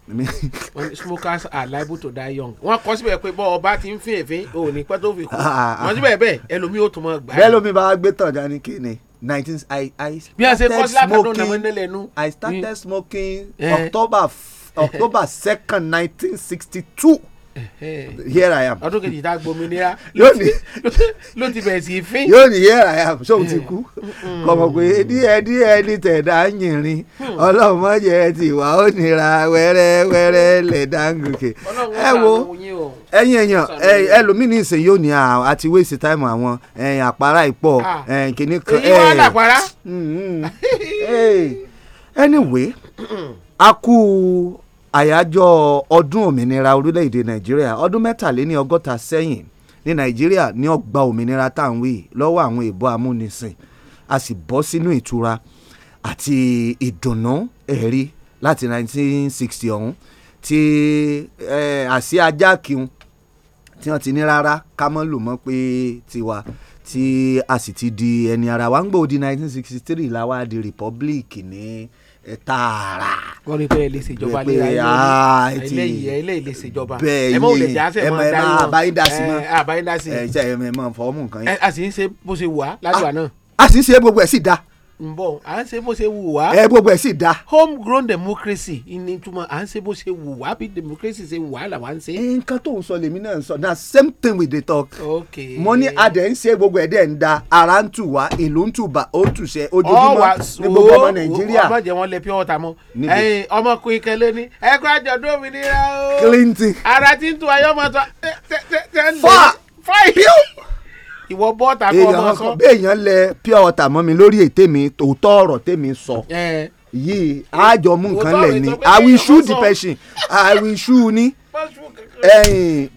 smokers are liable to die young. wọ́n kọ síbẹ̀ pé bọ́ ọba ti ń fín èéfín ò ní pẹ́ tó fi kú ah, ah, wọ́n ah. síbẹ̀ bẹ́ẹ̀ ẹlòmíì ó tún mọ̀ gbà. bẹ́ẹ̀ lómi bá gbé tàn dání kí ni nineteen i i started smoking i started smoking eh. october october second nineteen sixty two here I am. ọdún kejì tá a gbòmìnira ló ti bẹ̀rẹ̀ sí í fín. yóò ní here I am sóun ti kú kọ̀mọ̀ pé díẹ̀ díẹ̀ ní tẹ̀dá ń yìnrìn hmm. ọlọ́mọdé ti wà ó nira wẹ́rẹ́ wẹ́rẹ́ lẹ̀dá ń gòkè. ẹ wo ẹyin èèyàn ẹlòmíì ní ìsìn yóò ní àti wéèsì táìmù àwọn àpárá ìpọ̀ ah. kìnnìkan. èyí wà lápárá. Mm-hmm. anyway a kú àyájọ́ ọdún òmìnira orílẹ̀-èdè nàìjíríà ọdún mẹ́tàléní ọgọ́ta sẹ́yìn ní nàìjíríà ní ọgbà òmìnira tá à ń wí lọ́wọ́ àwọn ìbọn amúnisìn a sì bọ́ sínú ìtura àti ìdùnnú ẹ̀rí láti 1960 ọ̀hún tí àsí ajá kìun tí wọ́n ti ní rárá ká mọ́ lò mọ́ pé tiwa tí a sì ti di ẹni ara wa ń gbòó di 1963 làwa di republic ní. Ni ẹ tààrà. wọ́n rí i pé ẹ lè ṣèjọba ah, lè ra eléyìí eléyìí lè ṣèjọba ẹ mọ̀ olè jáfẹ́ mọ̀ dáná ẹ mọ̀ àbáyédásí mọ̀ ẹ àbáyédásí ẹ jẹ́ ẹ mọ̀ fọ́ọ̀mù kan yìí. a sì ń ṣe bó ṣe wà ládùúgbò ah, náà. a sì ń ṣe gbogbo ẹ̀ sì dáa ń à ń ṣe bó ṣe wù wá. ẹ gbogbo ẹ sì da. home grown democracy ni túmọ̀ à ń ṣe bó ṣe wù wá bí democracy ṣe wù wá làwa ń ṣe. nǹkan tó ń sọ lèmi náà ń sọ na same thing we dey talk. ok mo ní adẹ̀ ń ṣe gbogbo ẹ̀ dẹ̀ ń da ara ń tù wá ìlú ń tù bá ó tù ṣe ojoojúmọ́ ní gbogbo ọmọ nàìjíríà. ọmọ jẹ wọn lẹ pí ọta mọ ẹyin ọmọkùnrin kan ló ní ẹ kó àjọ̀dún òmìnira o. clinton. ara ti ń tu ayọ́mọ tó. fà fà yìí ìwọ bọ́ọ̀tà kọ́ ọmọ sọ. béèyàn lẹ pure water mọ́ mi lórí ètè mi òótọ́ ọ̀rọ̀ tèmi sọ yìí àjọ mú nǹkan lẹ̀ ni àwìṣú depression àwìṣú ni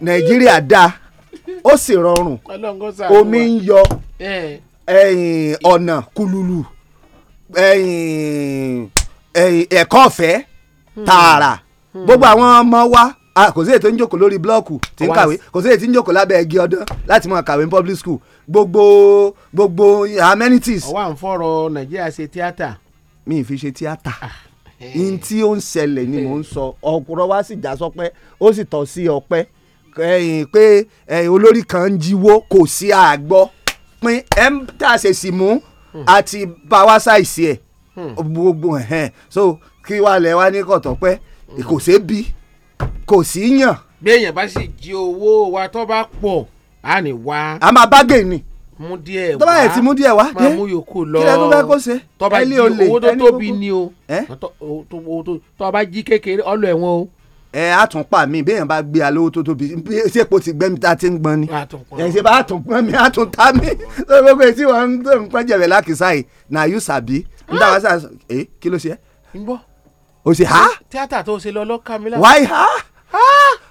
nàìjíríà dáa ó sì rọrùn omi ń yọ ọ̀nà kúlúlù ẹ̀kọ́ ọ̀fẹ́ hmm. tààrà hmm. gbogbo àwọn ọmọ wa Ah, kò sí èyí tó ń jókòó lórí blọ́ọ̀kù tí ń kàwé kò sí èyí tí lábẹ́ ẹgí ọdún láti máa kàwé ní public school gbogbo gbogbo amenities. ọwọ́ à ń fọ̀rọ̀ nàìjíríà ṣe tíátà. mi ì fi ṣe tíátà ah, n eh. tí ó ń ṣẹlẹ̀ ni mò ń sọ ọ̀pọ̀rọ̀ wa sì já sọpẹ́ ó sì tọ́ sí ọpẹ́ pé olórí kan ń jíwó kò sí àgbọ̀ pin ẹ̀ ṣèṣì mú àti hmm. báwa ṣàìsí ẹ̀ hmm. gbogbo ẹ̀ so kí wàá lẹ̀ wá ní kọ̀tọ̀ hmm. kò ṣeé bí kò sí yàn. béèyàn bá sì jí owó wa tó bá pọ̀ á ní wá. a máa bá gèèní. mú díẹ̀ wá tọ́ba ẹ̀ ti mú díẹ̀ wá. máa mú yòókù lọ kílẹ̀ tó bá kó ṣe. tọ́ba jí owó tó tóbi ni o tọ́ba jí kékeré ọlọ ẹ̀wọ̀n o ẹ á tún pa mí béèyàn bá gbé alówó tó tóbi ṣé kò ti gbẹ́mi tá a ti ń gbọ́n ni ẹ ṣe bá tún pọ́n mi á tún ta mí lórí pé tí wọ́n ń pọ́n jẹ̀rẹ̀ lákìsà yìí na you sabi n dáwọ́ sà ẹ o ṣe ha. tíátà tó ṣe lọ lọ́ka mi lára. wáyé ha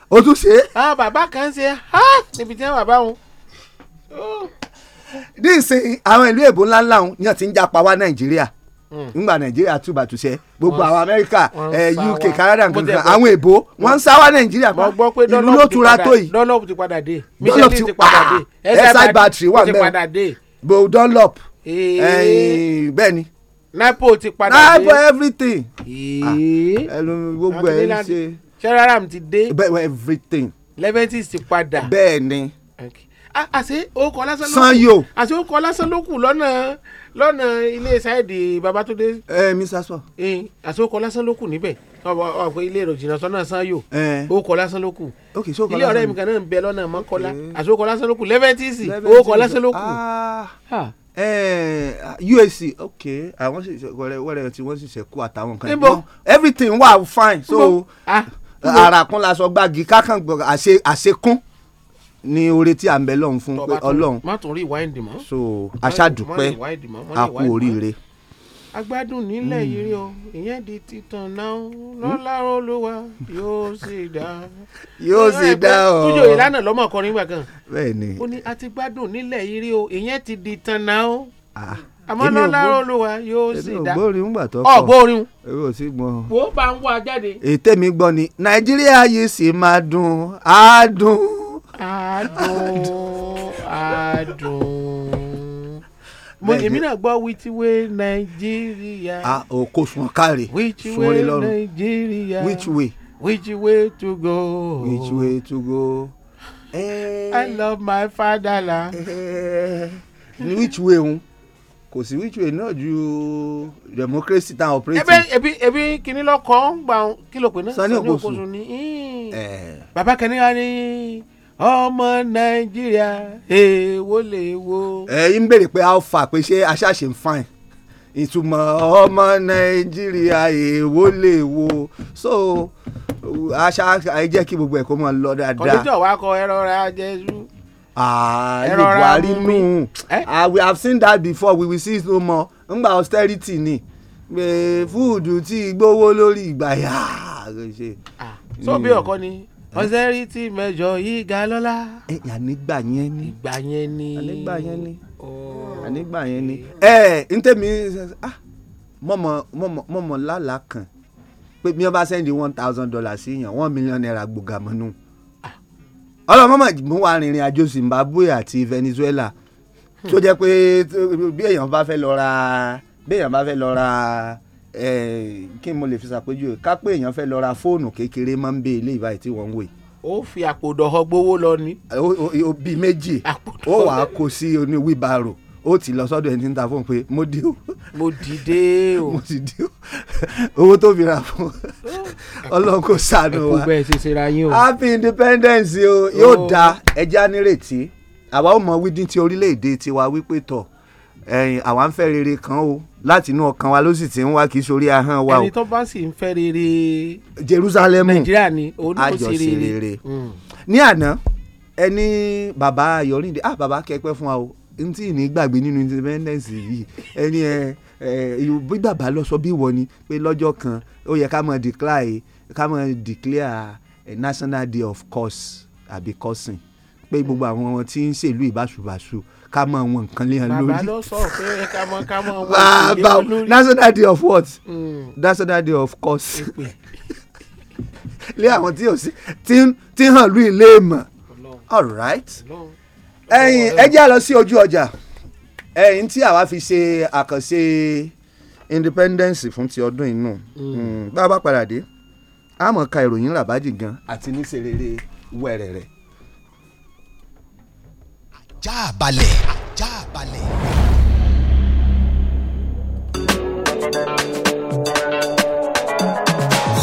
o tún ṣe. àwọn bàbá kan ṣe ha níbi tí wọn bàbá wọn. ní ìsìn àwọn ìlú èbó ńláńlá ọ̀hún ni wọ́n ti ń japa wá nàìjíríà hmm. ngba nàìjíríà túbàtúṣe gbogbo àwọn amẹ́ríkà eh, uk canada nǹkan àwọn èbó wọ́n ń sáwá nàìjíríà pa ìlú ló tura tó yìí. dunlop ti padà dé dunlop ti padà dé si battery wà mẹ́rin bo dunlop eh. Eh, bẹ́ẹ̀ ni nepo ti padà dé nepo everything ah, ẹnu gbogbo ẹ ń ṣe seraram ti dé everything leventis ti padà bẹ́ẹ̀ ni àṣé orúkọ lásán ló kù sanyo àṣé orúkọ lásán ló kù lọ́nà lọ́nà ilé sáyẹ̀dì babatunde. ẹ mi sá sọ. àṣé orúkọ lásán ló kù níbẹ̀ ọ̀pọ̀ ilé ìròjìnà sọ́nà sanyo orúkọ lásán ló kù ilé ọ̀rẹ́ mi kan náà ń bẹ lọ́nà mọ́kọ́lá àṣé orúkọ lásán ló kù leventis orúkọ lásán ló kù. Ah. Eh, USC ok àwọn ah, ṣiṣẹ wẹrẹ wẹrẹ tí wọ́n ṣiṣẹ kú àtàwọn kan níbo everything wà fine so àràkún ah. la sọ gbági kákan gbọ àṣekún ni oore tí à ń bẹ lọ́hùn fún pé so aṣáàdùpẹ́ a kú oríire a gbádùn nílẹ̀ yìí rí o hmm. ìyẹn di títàn náà hmm? lọ́lá olúwa yóò ṣe dá. yóò ṣe dá o. kújò ìlànà lọ́mọ ọkọrin gbà kan. bẹ́ẹ̀ni. ó ní a ti gbádùn nílẹ̀ yìí rí o ìyẹn ti di tàn náà. àmọ́ lọ́lá olúwa yóò ṣe dá. èmi ò gbórin ń gbà tó kọ. ọ gbórin. èmi ò sí gbọ́. wo bá ń wá jáde. ètè mi gbọ́ ni nàìjíríà yìí sì máa dùn á dùn. á dùn á dùn mo èmi náà gbọ́ wítíwé nàìjíríà. a ò kó sun káre sunwọlé lọ́rùn nàìjíríà which way. which way to go. which way to go. Eh. I love my fatherland. Eh, which way ń kò sí which way náà ju democracy tá operating. ebi ebi ebi kini lọkọ ń gbà kí ló pè náà Sani Okosun ni baba wa ni ọmọ nàìjíríà èèwọ̀ lè wo. ẹ yín béèrè pé how far pé ṣé aṣáṣe ń fine ìtumọ̀ ọmọ nàìjíríà èèwọ̀ lè wo so aṣá ẹ jẹ́ kí gbogbo ẹ̀ kó mọ̀ lọ dáadáa. kọ́ńtítọ̀ wa kọ ẹ̀rọ ra jésù. ààyè buhari nù ah, we have seen that before we will see it no more ngba austerity ni fúùdù tí gbówó lórí ìgbà yà. Ah, so bí ọkọ ni ọ̀sẹ̀rì tí mẹ́jọ yìí ga lọ́la. ẹ ànígbà yẹn ni. ìgbà yẹn ni. ànígbà yẹn ni. ànígbà yẹn ni. ẹ ntẹ́mi ah, mọ̀mọ̀ mọ̀mọ̀ mọ̀mọ̀ lálàá kan pé bí wọ́n bá sẹ́ndí one thousand dollars sí yàn one million naira gbògàmọ́nù. Ah. ọlọ́mọ́mọ́ mú wa rìnrìn àjò Zimbabwe àti Venezuela hmm. tó jẹ́ pé bí èèyàn bá fẹ́ lọ ra bí èèyàn bá fẹ́ lọ ra Eh, kí mo lè fi ṣàpèjúwe ká pé èèyàn fẹ́ lọ ra fóònù kékeré máa ń bẹ ilé ìbáyìí tí wọ́n ń wè ó fi àpò dọ̀họ́ gbowó lọ ni. ó bí méjì ó wàá kó sí oní wíbarò ó ti lọ sọ́dọ̀ ẹni tí ń ta fóun pé mo di o. mo dìde o. mo ti o owó tó fi ra fún ọlọ́run kò sànù wa. ẹkú bẹ́ẹ̀ ṣe ṣe ra yín o. happy independence o yóò oh. da ẹja nírètí àwa ó mọ wídín ti orílẹ̀-èdè tiwa wípé tọ̀ ẹ̀yin àwa ń fẹ́ rere kan o láti inú ọkàn wa ló sì ti ń wá kí sórí ahọ́n wa o. ẹni tó bá sì ń fẹ́ rere. Jerusalem Nàìjíríà ni òun kò sí rere. Hmm. ní àná ẹni bàbá Ayọ̀rìndé ah bàbá kẹpẹ́ fún wa o n tí ní gbàgbé nínú independence yìí ẹni ẹ bí bàbá lọ sọ bí wọ ni pé lọ́jọ́ kan ó yẹ ká mọ̀ declare ká mọ̀ declare national day of course àbí cousin pé gbogbo àwọn tí ń ṣèlú ìbáṣubàṣu ká mọ àwọn nǹkan lé hàn lórí. bàbá ló sọ pé ká mọ ká mọ wọ ìdílé national day of what? national hmm. day of course. lé àwọn tí ò sí tí hàn lú ilé ìmọ̀ all right. ẹ̀yin ẹ jẹ́ lọ sí ojú ọjà ẹ̀yin tí àwa fi ṣe àkànṣe independence fún ti ọdún inú hmm. Hmm, bá a bá padà dé a mọ̀ ka ìròyìn làbájì gan àti níṣẹ́ rere wẹ̀rẹ̀ rẹ̀ ajá balẹ̀. ajá balẹ̀.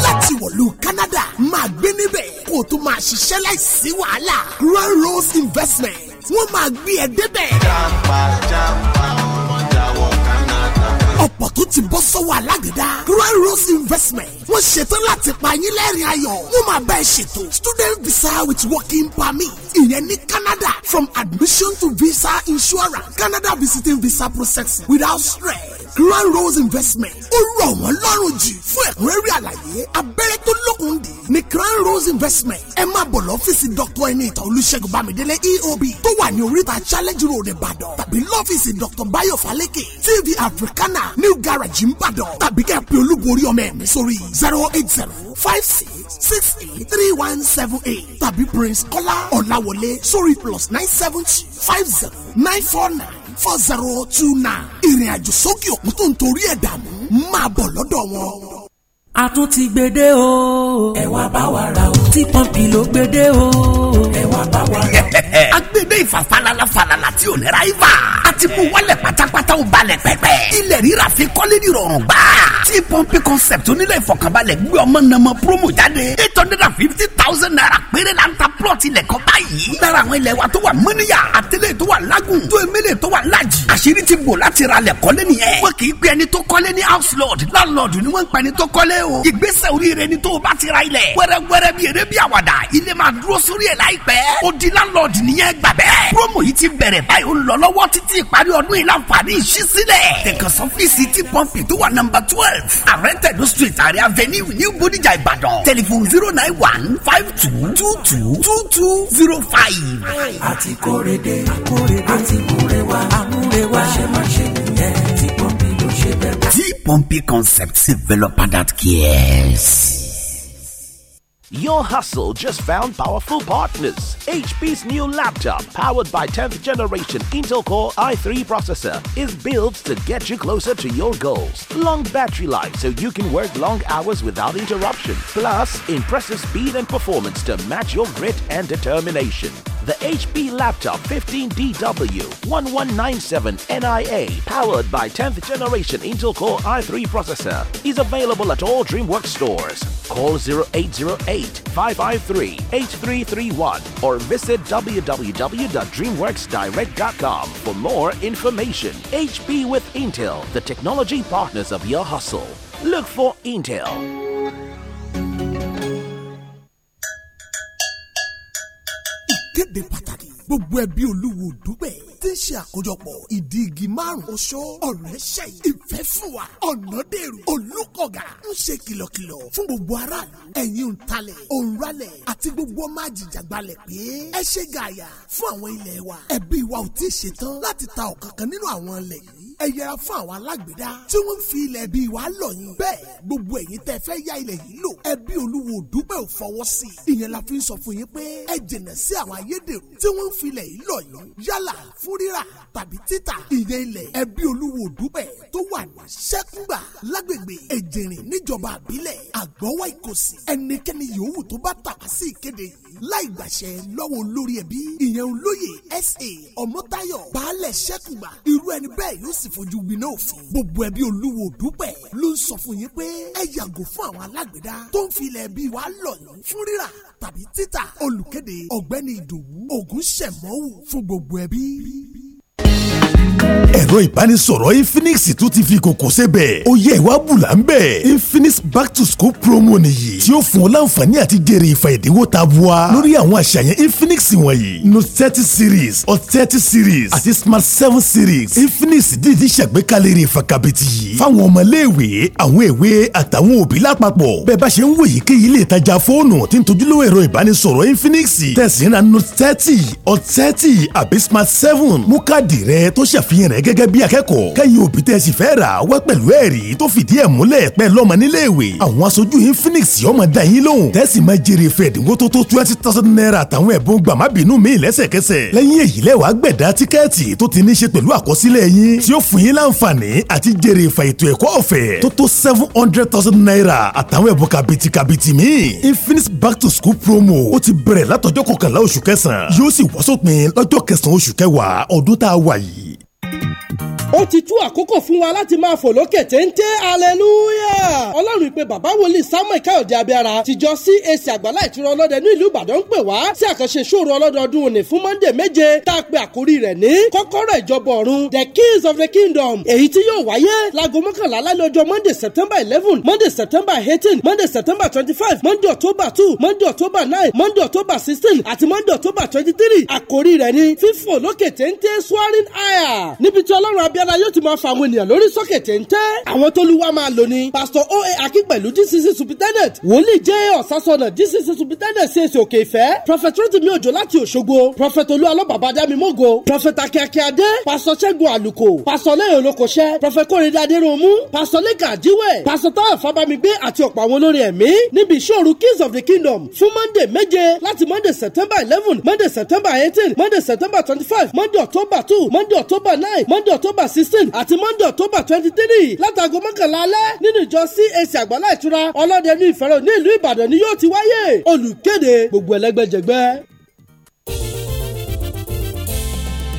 láti wọ̀lú Canada máa gbé níbẹ̀ kó o tún máa ṣiṣẹ́ láìsí wàhálà Grand Rose Investment wọ́n máa gbé ẹ débẹ̀. jàǹfà jàǹfà ọmọ jáwọ́ Canada ọ̀pọ̀ tó ti bọ́ sọ́wọ́ alágbèdá grand rose investment wọ́n ṣetán láti pa yín lẹ́rìn ayọ̀ wọ́n máa bá ṣètò student visa with working permit ìyẹn ní Canada from admission to visa insurance Canada visiting visa processing without stress grand rose investment ó rọ̀ wọ́n lọ́rùn jù fún ẹ̀kúnrẹ́rì àlàyé abẹ́rẹ́ tó lókun dì ní grand rose investment ẹ máa bọ̀ lọ́fíìsì dr ẹnìtàn olùṣègùn bámidélé eob tó wà ní oríta challenge road ìbàdàn tàbí lọ́fíìsì dr bayo faleke tv africana new garage ìbàdàn tàbí kẹ́ẹ̀pẹ́ olúborí ọmọ ẹ̀mí sórí zero eight zero five six six eight three one seven eight tàbí prince kọ́lá ọ̀làwọlé sórí plus nine seven two five zero nine four nine four zero two nine ìrìn àjò sókè òkun tó ń torí ẹ̀ dààmú máa bọ̀ lọ́dọ̀ wọn a tún ti gbede o. ẹ wá bá wa ra o. tí pọ́ǹpì ló gbede o. ẹ wá bá wa ra o lẹ̀. agbede ìfàfàlàlà falala tí ò nira ibà. a ti mú wálẹ̀ pátápátá ó balẹ̀ pẹ́pẹ́. ilẹ̀ rírà fi kọ́lé ní rọrùn gbà. tí pọ́ńpì concept onílẹ̀ ìfọ̀kànbalẹ̀ gbé ọmọ nàmọ promo jáde. eight hundred and fifty thousand naira péré la ń ta plot ilẹ̀ kan báyìí. lára àwọn ilẹ̀ wa tó wà mọ́níyà àtẹlẹ́ tó wà lágùn tó emele tó wà lájì. àṣírí ti bò láti ra lẹ̀ kọ́lé nìyẹn. wọ́n kì í pe ẹni tó kọ́lé ní house lord landlord ni wọ́n ń pa ẹni tó kọ́lé o. ìgbésẹ̀ oríire ni tó o bá ti ra ilẹ̀. wẹ́rẹ́wẹ́rẹ́ bí eré bí àwàdà ilé máa dúró sórí ẹ̀ láìpẹ́. ó di landlord ni nìyẹn gbà bẹ́ẹ̀. promo yìí ti bẹ̀rẹ̀ báyìí ó lọ lọ́wọ́ títí ìparí ọdún yìí láǹfààní ìṣí sílẹ̀. tẹ̀kọ̀sọ fíìsì tí pọ́ǹpì tó wà nọmba twelve arẹ́tẹ̀dù street àrẹ avenue new bodijà ìbàdàn tẹlifon zero nine one five two two two two two zero five. àti kórede àkórede àti múrewa àmúrewa àṣemáṣe nìyẹn tí pọ́ǹpì ló ṣe bẹ́ẹ̀. tí pọ́ǹpì concept developer that cares. Your hustle just found powerful partners. HP's new laptop, powered by 10th generation Intel Core i3 processor, is built to get you closer to your goals. Long battery life so you can work long hours without interruption. Plus, impressive speed and performance to match your grit and determination. The HP Laptop 15DW1197NIA, powered by 10th generation Intel Core i3 processor, is available at all DreamWorks stores. Call 0808-553-8331 or visit www.dreamworksdirect.com for more information. HP with Intel, the technology partners of your hustle. Look for Intel. gbogbo ẹbí olúwo dúpẹ́ tí ń ṣe àkójọpọ̀ ìdí igi márùn-ún oṣó ọ̀rẹ́ ṣẹ̀yìn ìfẹ́ fún wa ọ̀nàdèrú olùkọ̀gà ń ṣe kìlọ̀kìlọ̀ fún gbogbo aráàlú ẹ̀yin òǹtalẹ̀ òǹralẹ̀ àti gbogbo ọmọ àjìjàgbalẹ̀ pé ẹ ṣe gàyà fún àwọn ilẹ̀ wa ẹbí wa ò tí ì ṣetán láti ta ọ̀kankan nínú àwọn ilẹ̀ yìí ẹ yẹra fún àwọn alágbèédá tí wọ́n ń fi ilẹ̀ bí wa lọ̀ yín. bẹ́ẹ̀ gbogbo ẹ̀yin tẹ́ fẹ́ ya ilẹ̀ yìí lò ẹbí olúwo dúpẹ́ ò fọwọ́ sí i. ìyẹn la fi ń sọ fún yín pé ẹ jìnà sí àwọn ayédèrú tí wọ́n ń fi ilẹ̀ yìí lọ̀ yín. yálà fún rírà tàbí títà ìyẹn ilẹ̀ ẹbí olúwo dúpẹ́ tó wà ní sẹ́kúngbà lágbègbè èjìrìn níjọba àbílẹ̀ àgbọ̀wá ìkòsí ẹnikẹ́ni yòówù tó bá tàpá sí ìkéde yìí láì gbàṣẹ lọ́wọ́ olórí ẹbí ìyẹn olóyè sa ọmọtayọ baálẹ̀ sẹ́kúngbà irú ẹni bẹ́ẹ̀ yóò s sì fojú winá òfin gbogbo ẹbí olúwo dúpẹ́ ló ń sọ fún yín pé ẹ yàgò fún àwọn alágbèdá tó ń fi ilẹ̀ ẹbí wa fún rírà tàbí títà olùkéde ọ̀gbẹ́ni ìdòwú ògúnṣẹ̀mọ́wù fún gbogbo ẹbí ẹ̀rọ ìbánisọ̀rọ̀ infinix tún ti fi kòkò sẹ́bẹ̀ ó yẹ ìwà bùlà ń bẹ̀ infinix back to school promo nìyí tí ó fún ọ láǹfààní àti jèrè ìfà ìdínwó ta bua lórí àwọn àṣàyàn infinix wọ̀nyí note thirty series or thirty series àti smart seven series infinix dìdí ṣàgbékalẹ̀ rẹ̀ fàkàbìtì yìí fáwọn ọmọléèwé àwọn èwe àtàwọn òbí lápapọ̀ bẹ́ẹ̀ bá ṣe ń wòye kí ilé ìtajà fóònù tí ń tojúlówó ẹ̀rọ ìbánisọ̀rọ̀ infinix thirty hot thirty àbí smart seven mú káàdì rẹ àfihàn rẹ̀ gẹ́gẹ́ bí akẹ́kọ̀ọ́ kẹ́yìn òbí tẹ́ ẹ sì fẹ́ rà wá pẹ̀lú ẹ̀rí tó fìdí ẹ̀ múlẹ̀ pẹ́ lọ́mọ nílé àwọn aṣojú Infinix ọmọ dá yín lóhùn tẹ́sí máa jèrè fẹ́ ẹ̀dínwó tó tó twenty thousand naira àtàwọn ẹ̀bùn gbàmábìínú míì lẹ́sẹ̀kẹsẹ̀ lẹ́yìn èyí lẹ́wàá gbẹ̀dá tíkẹ́ẹ̀tì tó ti ní ṣe pẹ̀lú àkọsílẹ̀ yín tí ó fún yín láǹfààní àti jèrè ìfà ètò ẹ̀kọ́ ọ̀fẹ́ tó tó seven hundred thousand naira àtàwọn ẹ̀bùn kàbìtì kàbìtì míì Infinix back to school promo ó ti bẹ̀rẹ̀ látọjọ́ kọkànlá oṣù kẹsàn-án yóò sì wọ́sọ̀pin lọ́jọ́ kẹsàn-án oṣù kẹwàá ọdún tá a wà yìí Thank you. ó ti tú àkókò fún wa láti máa fò lókè téńté hallelujah ọlọ́run ìpè bàbá wòlíì samuel káyọ̀dé abiyara tìjọ CAC àgbàlá ìtura ọlọ́dẹ ní ìlú ìbàdàn ń pè wá sí àkànṣe ìṣòro ọlọ́dọọdún òní fún monday méje tá a pe àkórí rẹ̀ ní kọ́kọ́rọ́ ìjọba ọ̀run the kings of the kingdom èyí tí yóò wáyé láago mọ́kànlá lálẹ́ ọjọ́ monday september eleven Monde september eighteen Monde september twenty-five monday october two monday october nine monday october sixteen àti monday october twenty-three àkórí rẹ̀ ní fífò lókè téńté soaring higher ọlọ́run abíọ́lá yóò ti máa fa àwọn ènìyàn lórí sókè téńté àwọn tó máa lò ní pásítọ̀ oa akínpẹ̀lú dcc superintendent wòlíì j ọ̀sásọ̀nà dcc superintendent sí èsì òkè ìfẹ́ prophet rotimi òjò láti òṣogbo prophet olú alọ́bàbà adámimógo prophet akíakí adé pásítọ̀ ṣẹ́gun àlùkò pásítọ̀ lẹ́yìn olókoṣẹ́ prophet kórèdé adéròmú october sixteen àti monday october twenty three látago mọ́kànlá alẹ́ nínú ìjọ cac àgbàlá ìtura ọlọ́dẹ ní ìfẹ́rọ̀ ní ìlú ìbàdàn ni yóò ti wáyé olùkéde gbogbo ẹlẹ́gbẹ́jẹgbẹ́.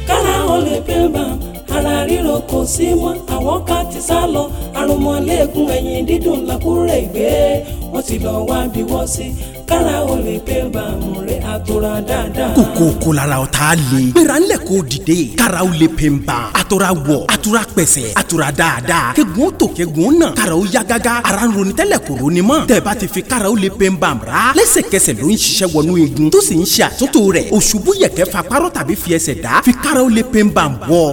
kára ó lè pé bàbá ara ríro kò sí mọ́ àwọn ká ti sá lọ àrùnmọ́lẹ́gùn ẹ̀yìn dídùn làkúrẹ́ ìgbé wọ́n ti lọ wá bí wọ́n sí kára o lè pé bàmù rẹ̀ àtòrà dáadáa. kòkòkò lára ọ̀tá le. gbéra ńlẹ̀ kò dìde. kára o lè pè ń àtòrà wọ̀ àtòrà pẹ̀sẹ̀ àtòrà dáadáa. kẹ́gun tó kẹ́gun náà. kára o ya gágá. ara ń ronú tẹ́lẹ̀ kò ronú mọ́. tẹ̀bá ti fi kára o lè pè ń ban ra. lẹ́sẹ̀kẹsẹ̀ ló ń ṣiṣẹ́ wọnú igun. tó sì ń ṣe àtúntò rẹ̀. òṣùbù yẹ̀kẹ́ fa párọ̀ tàbí fi ẹsẹ̀ dá. fi kára o lè pè ń ban wọ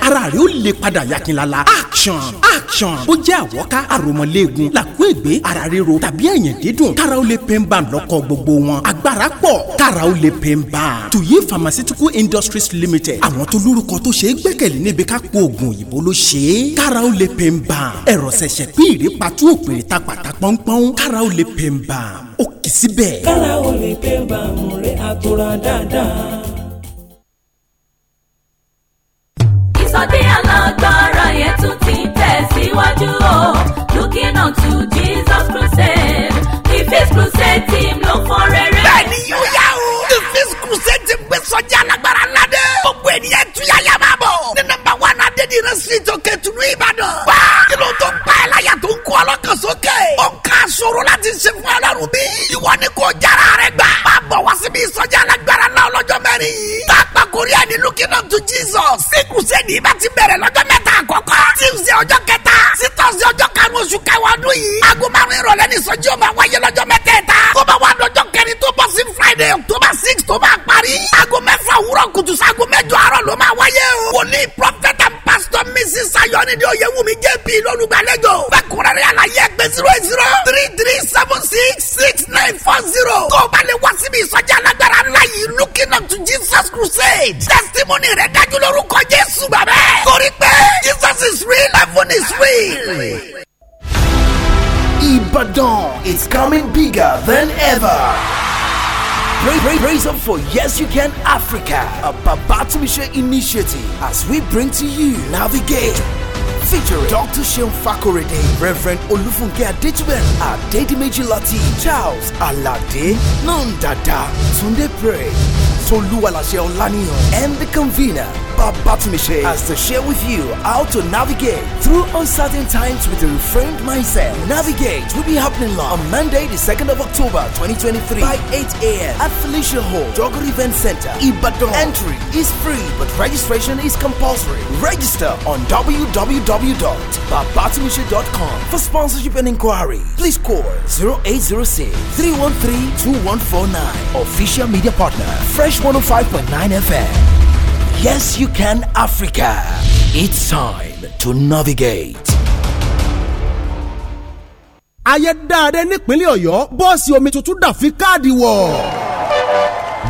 ara rẹ̀ ó lè padà yakinlala action action ó jẹ́ àwọ̀ká àròmọ̀léegun làkúègbé ara ríro tàbí ẹ̀yìn dídùn kára ó lè pain ban lọ́kọ̀ gbogbo wọn agbára pọ̀ kára ó lè pain ban tuyi pharmaceutical industries limited àwọn tó lórúkọ tó ṣe é gbẹ́kẹ̀lé níbi ká po oògùn òyìnbó ló ṣe é kára ó lè pain ban ẹ̀rọ ṣẹ̀ṣẹ̀ pín ìrèpàtú òpèrè ta pàtà pọ́npọ́n kára ó lè pain ban ó kì í síbẹ̀. kára ó lè pain ban mo rí àtúrà dáadáa ìsọjí alágbára yẹn tún ti tẹ̀síwájú o looking unto Jesus crusade the fifth crusade team ló fọ́n rere. bẹ́ẹ̀ni yóò yá o the fifth crusade ti gbé sọjí alágbára. méjì rẹ̀ sì jọkẹ́ tunu ìbàdàn. wá kí ló tó ń pa ẹ̀ láyà tó ń kó ọlọ́kàn sókè. ó ń ká sòrò láti ṣe fún ọlọ́run bí. ìwọ ni kò jára rẹ gbà. máa bọ̀ wá síbi ìsọjí alágbára náà lọ́jọ́ mẹ́rin yìí. tá a pa kórí ẹni looking up to Jesus. sí kùsẹ́ni ibà ti bẹ̀rẹ̀ lọ́jọ́ mẹ́ta àkọ́kọ́. tíwùsẹ̀ ọjọ́ kẹta sí ọjọ́ karùn-ún oṣù kẹwàá ọdún yìí. aago márùn-ún ìrọ̀lẹ́ ní ìsọjí ó wáyé lọ́jọ́ mẹ́tẹ̀ẹ̀ta. tó bá wà lọ́jọ́ kẹrin tó bọ́ sí Friday October six tó máa parí. aago mẹ́fà pastor mrs ayọ̀nìdí oyèwùmí jp lọ́lùgbàlejò fẹ́kùnrẹ́rẹ́ àlàyé pé zero eight zero three three seven six six nine four zero tó o bá lè wá síbi ìsọjí alágbára ńlá yìí looking up to jesus crusade testimony rẹ̀ dájú lórúkọ jésù bàbá torí pé jesus is real heaven is real. Ibadan, is coming bigger than ever. Praise, praise up for Yes You Can Africa, a Babatimisha initiative as we bring to you Navigate. Featuring Dr. Shem Fakorede, Reverend Olufunke Adetuben, Adedimeji Lati, Charles Alade, Nandada, Tunde Pray, Soluwalashe Olaniyan, and the convener, Babatumishe has to share with you how to navigate through uncertain times with a reframed mindset. Navigate will be happening on Monday, the 2nd of October 2023 by 8 a.m. at Felicia Hall, Jogger Event Center, Ibadan. Entry is free, but registration is compulsory. Register on www.babatumishe.com for sponsorship and inquiry. Please call 0806 313 2149. Official media partner, Fresh 105.9 FM. Yes, you can, Africa. It's time to navigate. ayé dáadé nípínlẹ̀ ọ̀yọ́ bọ́ọ̀sì omi tuntun dà fi káàdì wọ̀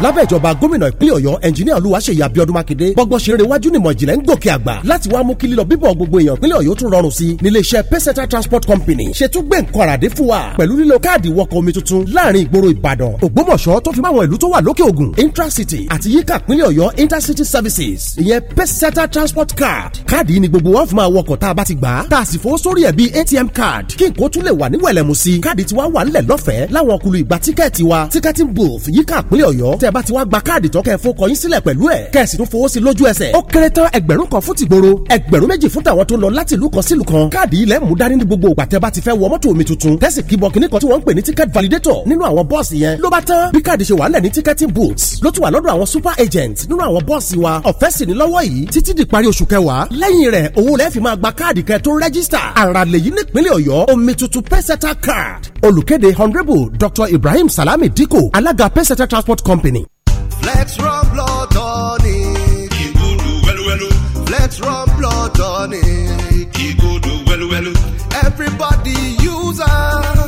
lábẹ́ ìjọba gómìnà ìpínlẹ̀ ọ̀yọ́ ẹnjiníà olúwaṣeyí abiodun makinde gbọgbọ́n ṣeré wájú nímọ̀ ìjìnlẹ̀ ń gòkè àgbà láti wá mú kí lílọ bíbọ̀ gbogbo èèyàn ìpínlẹ̀ ọ̀yọ́ tún rọrùn sí nílé iṣẹ́ peseta transport company ṣètú gbé nǹkan àràdé fún wa pẹ̀lú lílo káàdì ìwọkọ̀ omi tuntun láàrin ìgboro ìbàdàn ògbómọ̀ṣọ́ tó fi máwọn ìlú tó wà lókè ògùn intracity àti yíká ìpínlẹ̀ ọ̀yọ́ intercity services ìyẹn peseta transport card káàdì ni gbogbo wọn fi máa wọkọ̀ tá a bá ti gbà á tá a sì fowó sórí ẹ̀ bíi atm card kí nǹkan tún lè wà ní wẹ̀lẹ̀mú sí káàdì tiwa wà ńlẹ̀ lọ́fẹ̀ẹ́ láwọn ọkùnrin ìgbà tíkẹ́ẹ̀tì wa ticketing booth yíká ìpínlẹ̀ ọ̀yọ́ tẹ́ ẹ bá ti wá gba káàdì tó kẹ́ ẹ fowó kọyín sílẹ̀ pẹ̀lú ẹ̀ kẹ́sì tún fowó sí lójú ẹsẹ̀ ó kéré tán ẹgbẹ̀rún kan fún tìgboro ẹgbẹ̀rún méjì fún tàwọn tó lọ láti ìlú kan sílùú kan káàdì ilẹ̀ mú dání ní gbogbo ìgbà tẹ́ bá ti fẹ́ wọ mọ́tò omi tuntun tẹ́sì kíbọ̀ kínní kan tí wọ́n ń pè ní ticket validator nínú àwọn bọ́ọ̀sì yẹn ló bá tán bí káàdì ṣe wà nílẹ̀ ní ní lọ́wọ́ yìí títí di parí Flex rum blood on it. tonic. Igudu welu welu. Oh. Flex rum blood on tonic. Igudu welu welu. Oh. Everybody use it.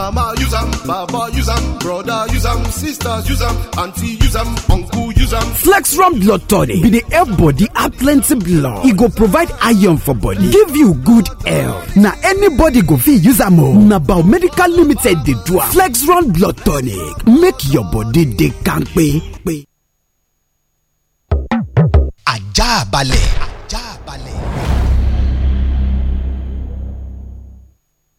Mama use them, Baba use them, brother use them, sisters use them, auntie use them, uncle use them. Flexrum Blood Tonic be the help body add plenty blood. E go provide iron for body, give you good air. Now anybody go fit use am oh. Now about medical Limited the drug. am. Flexrum Blood Tonic make your body dey kampe. Ajá balẹ̀.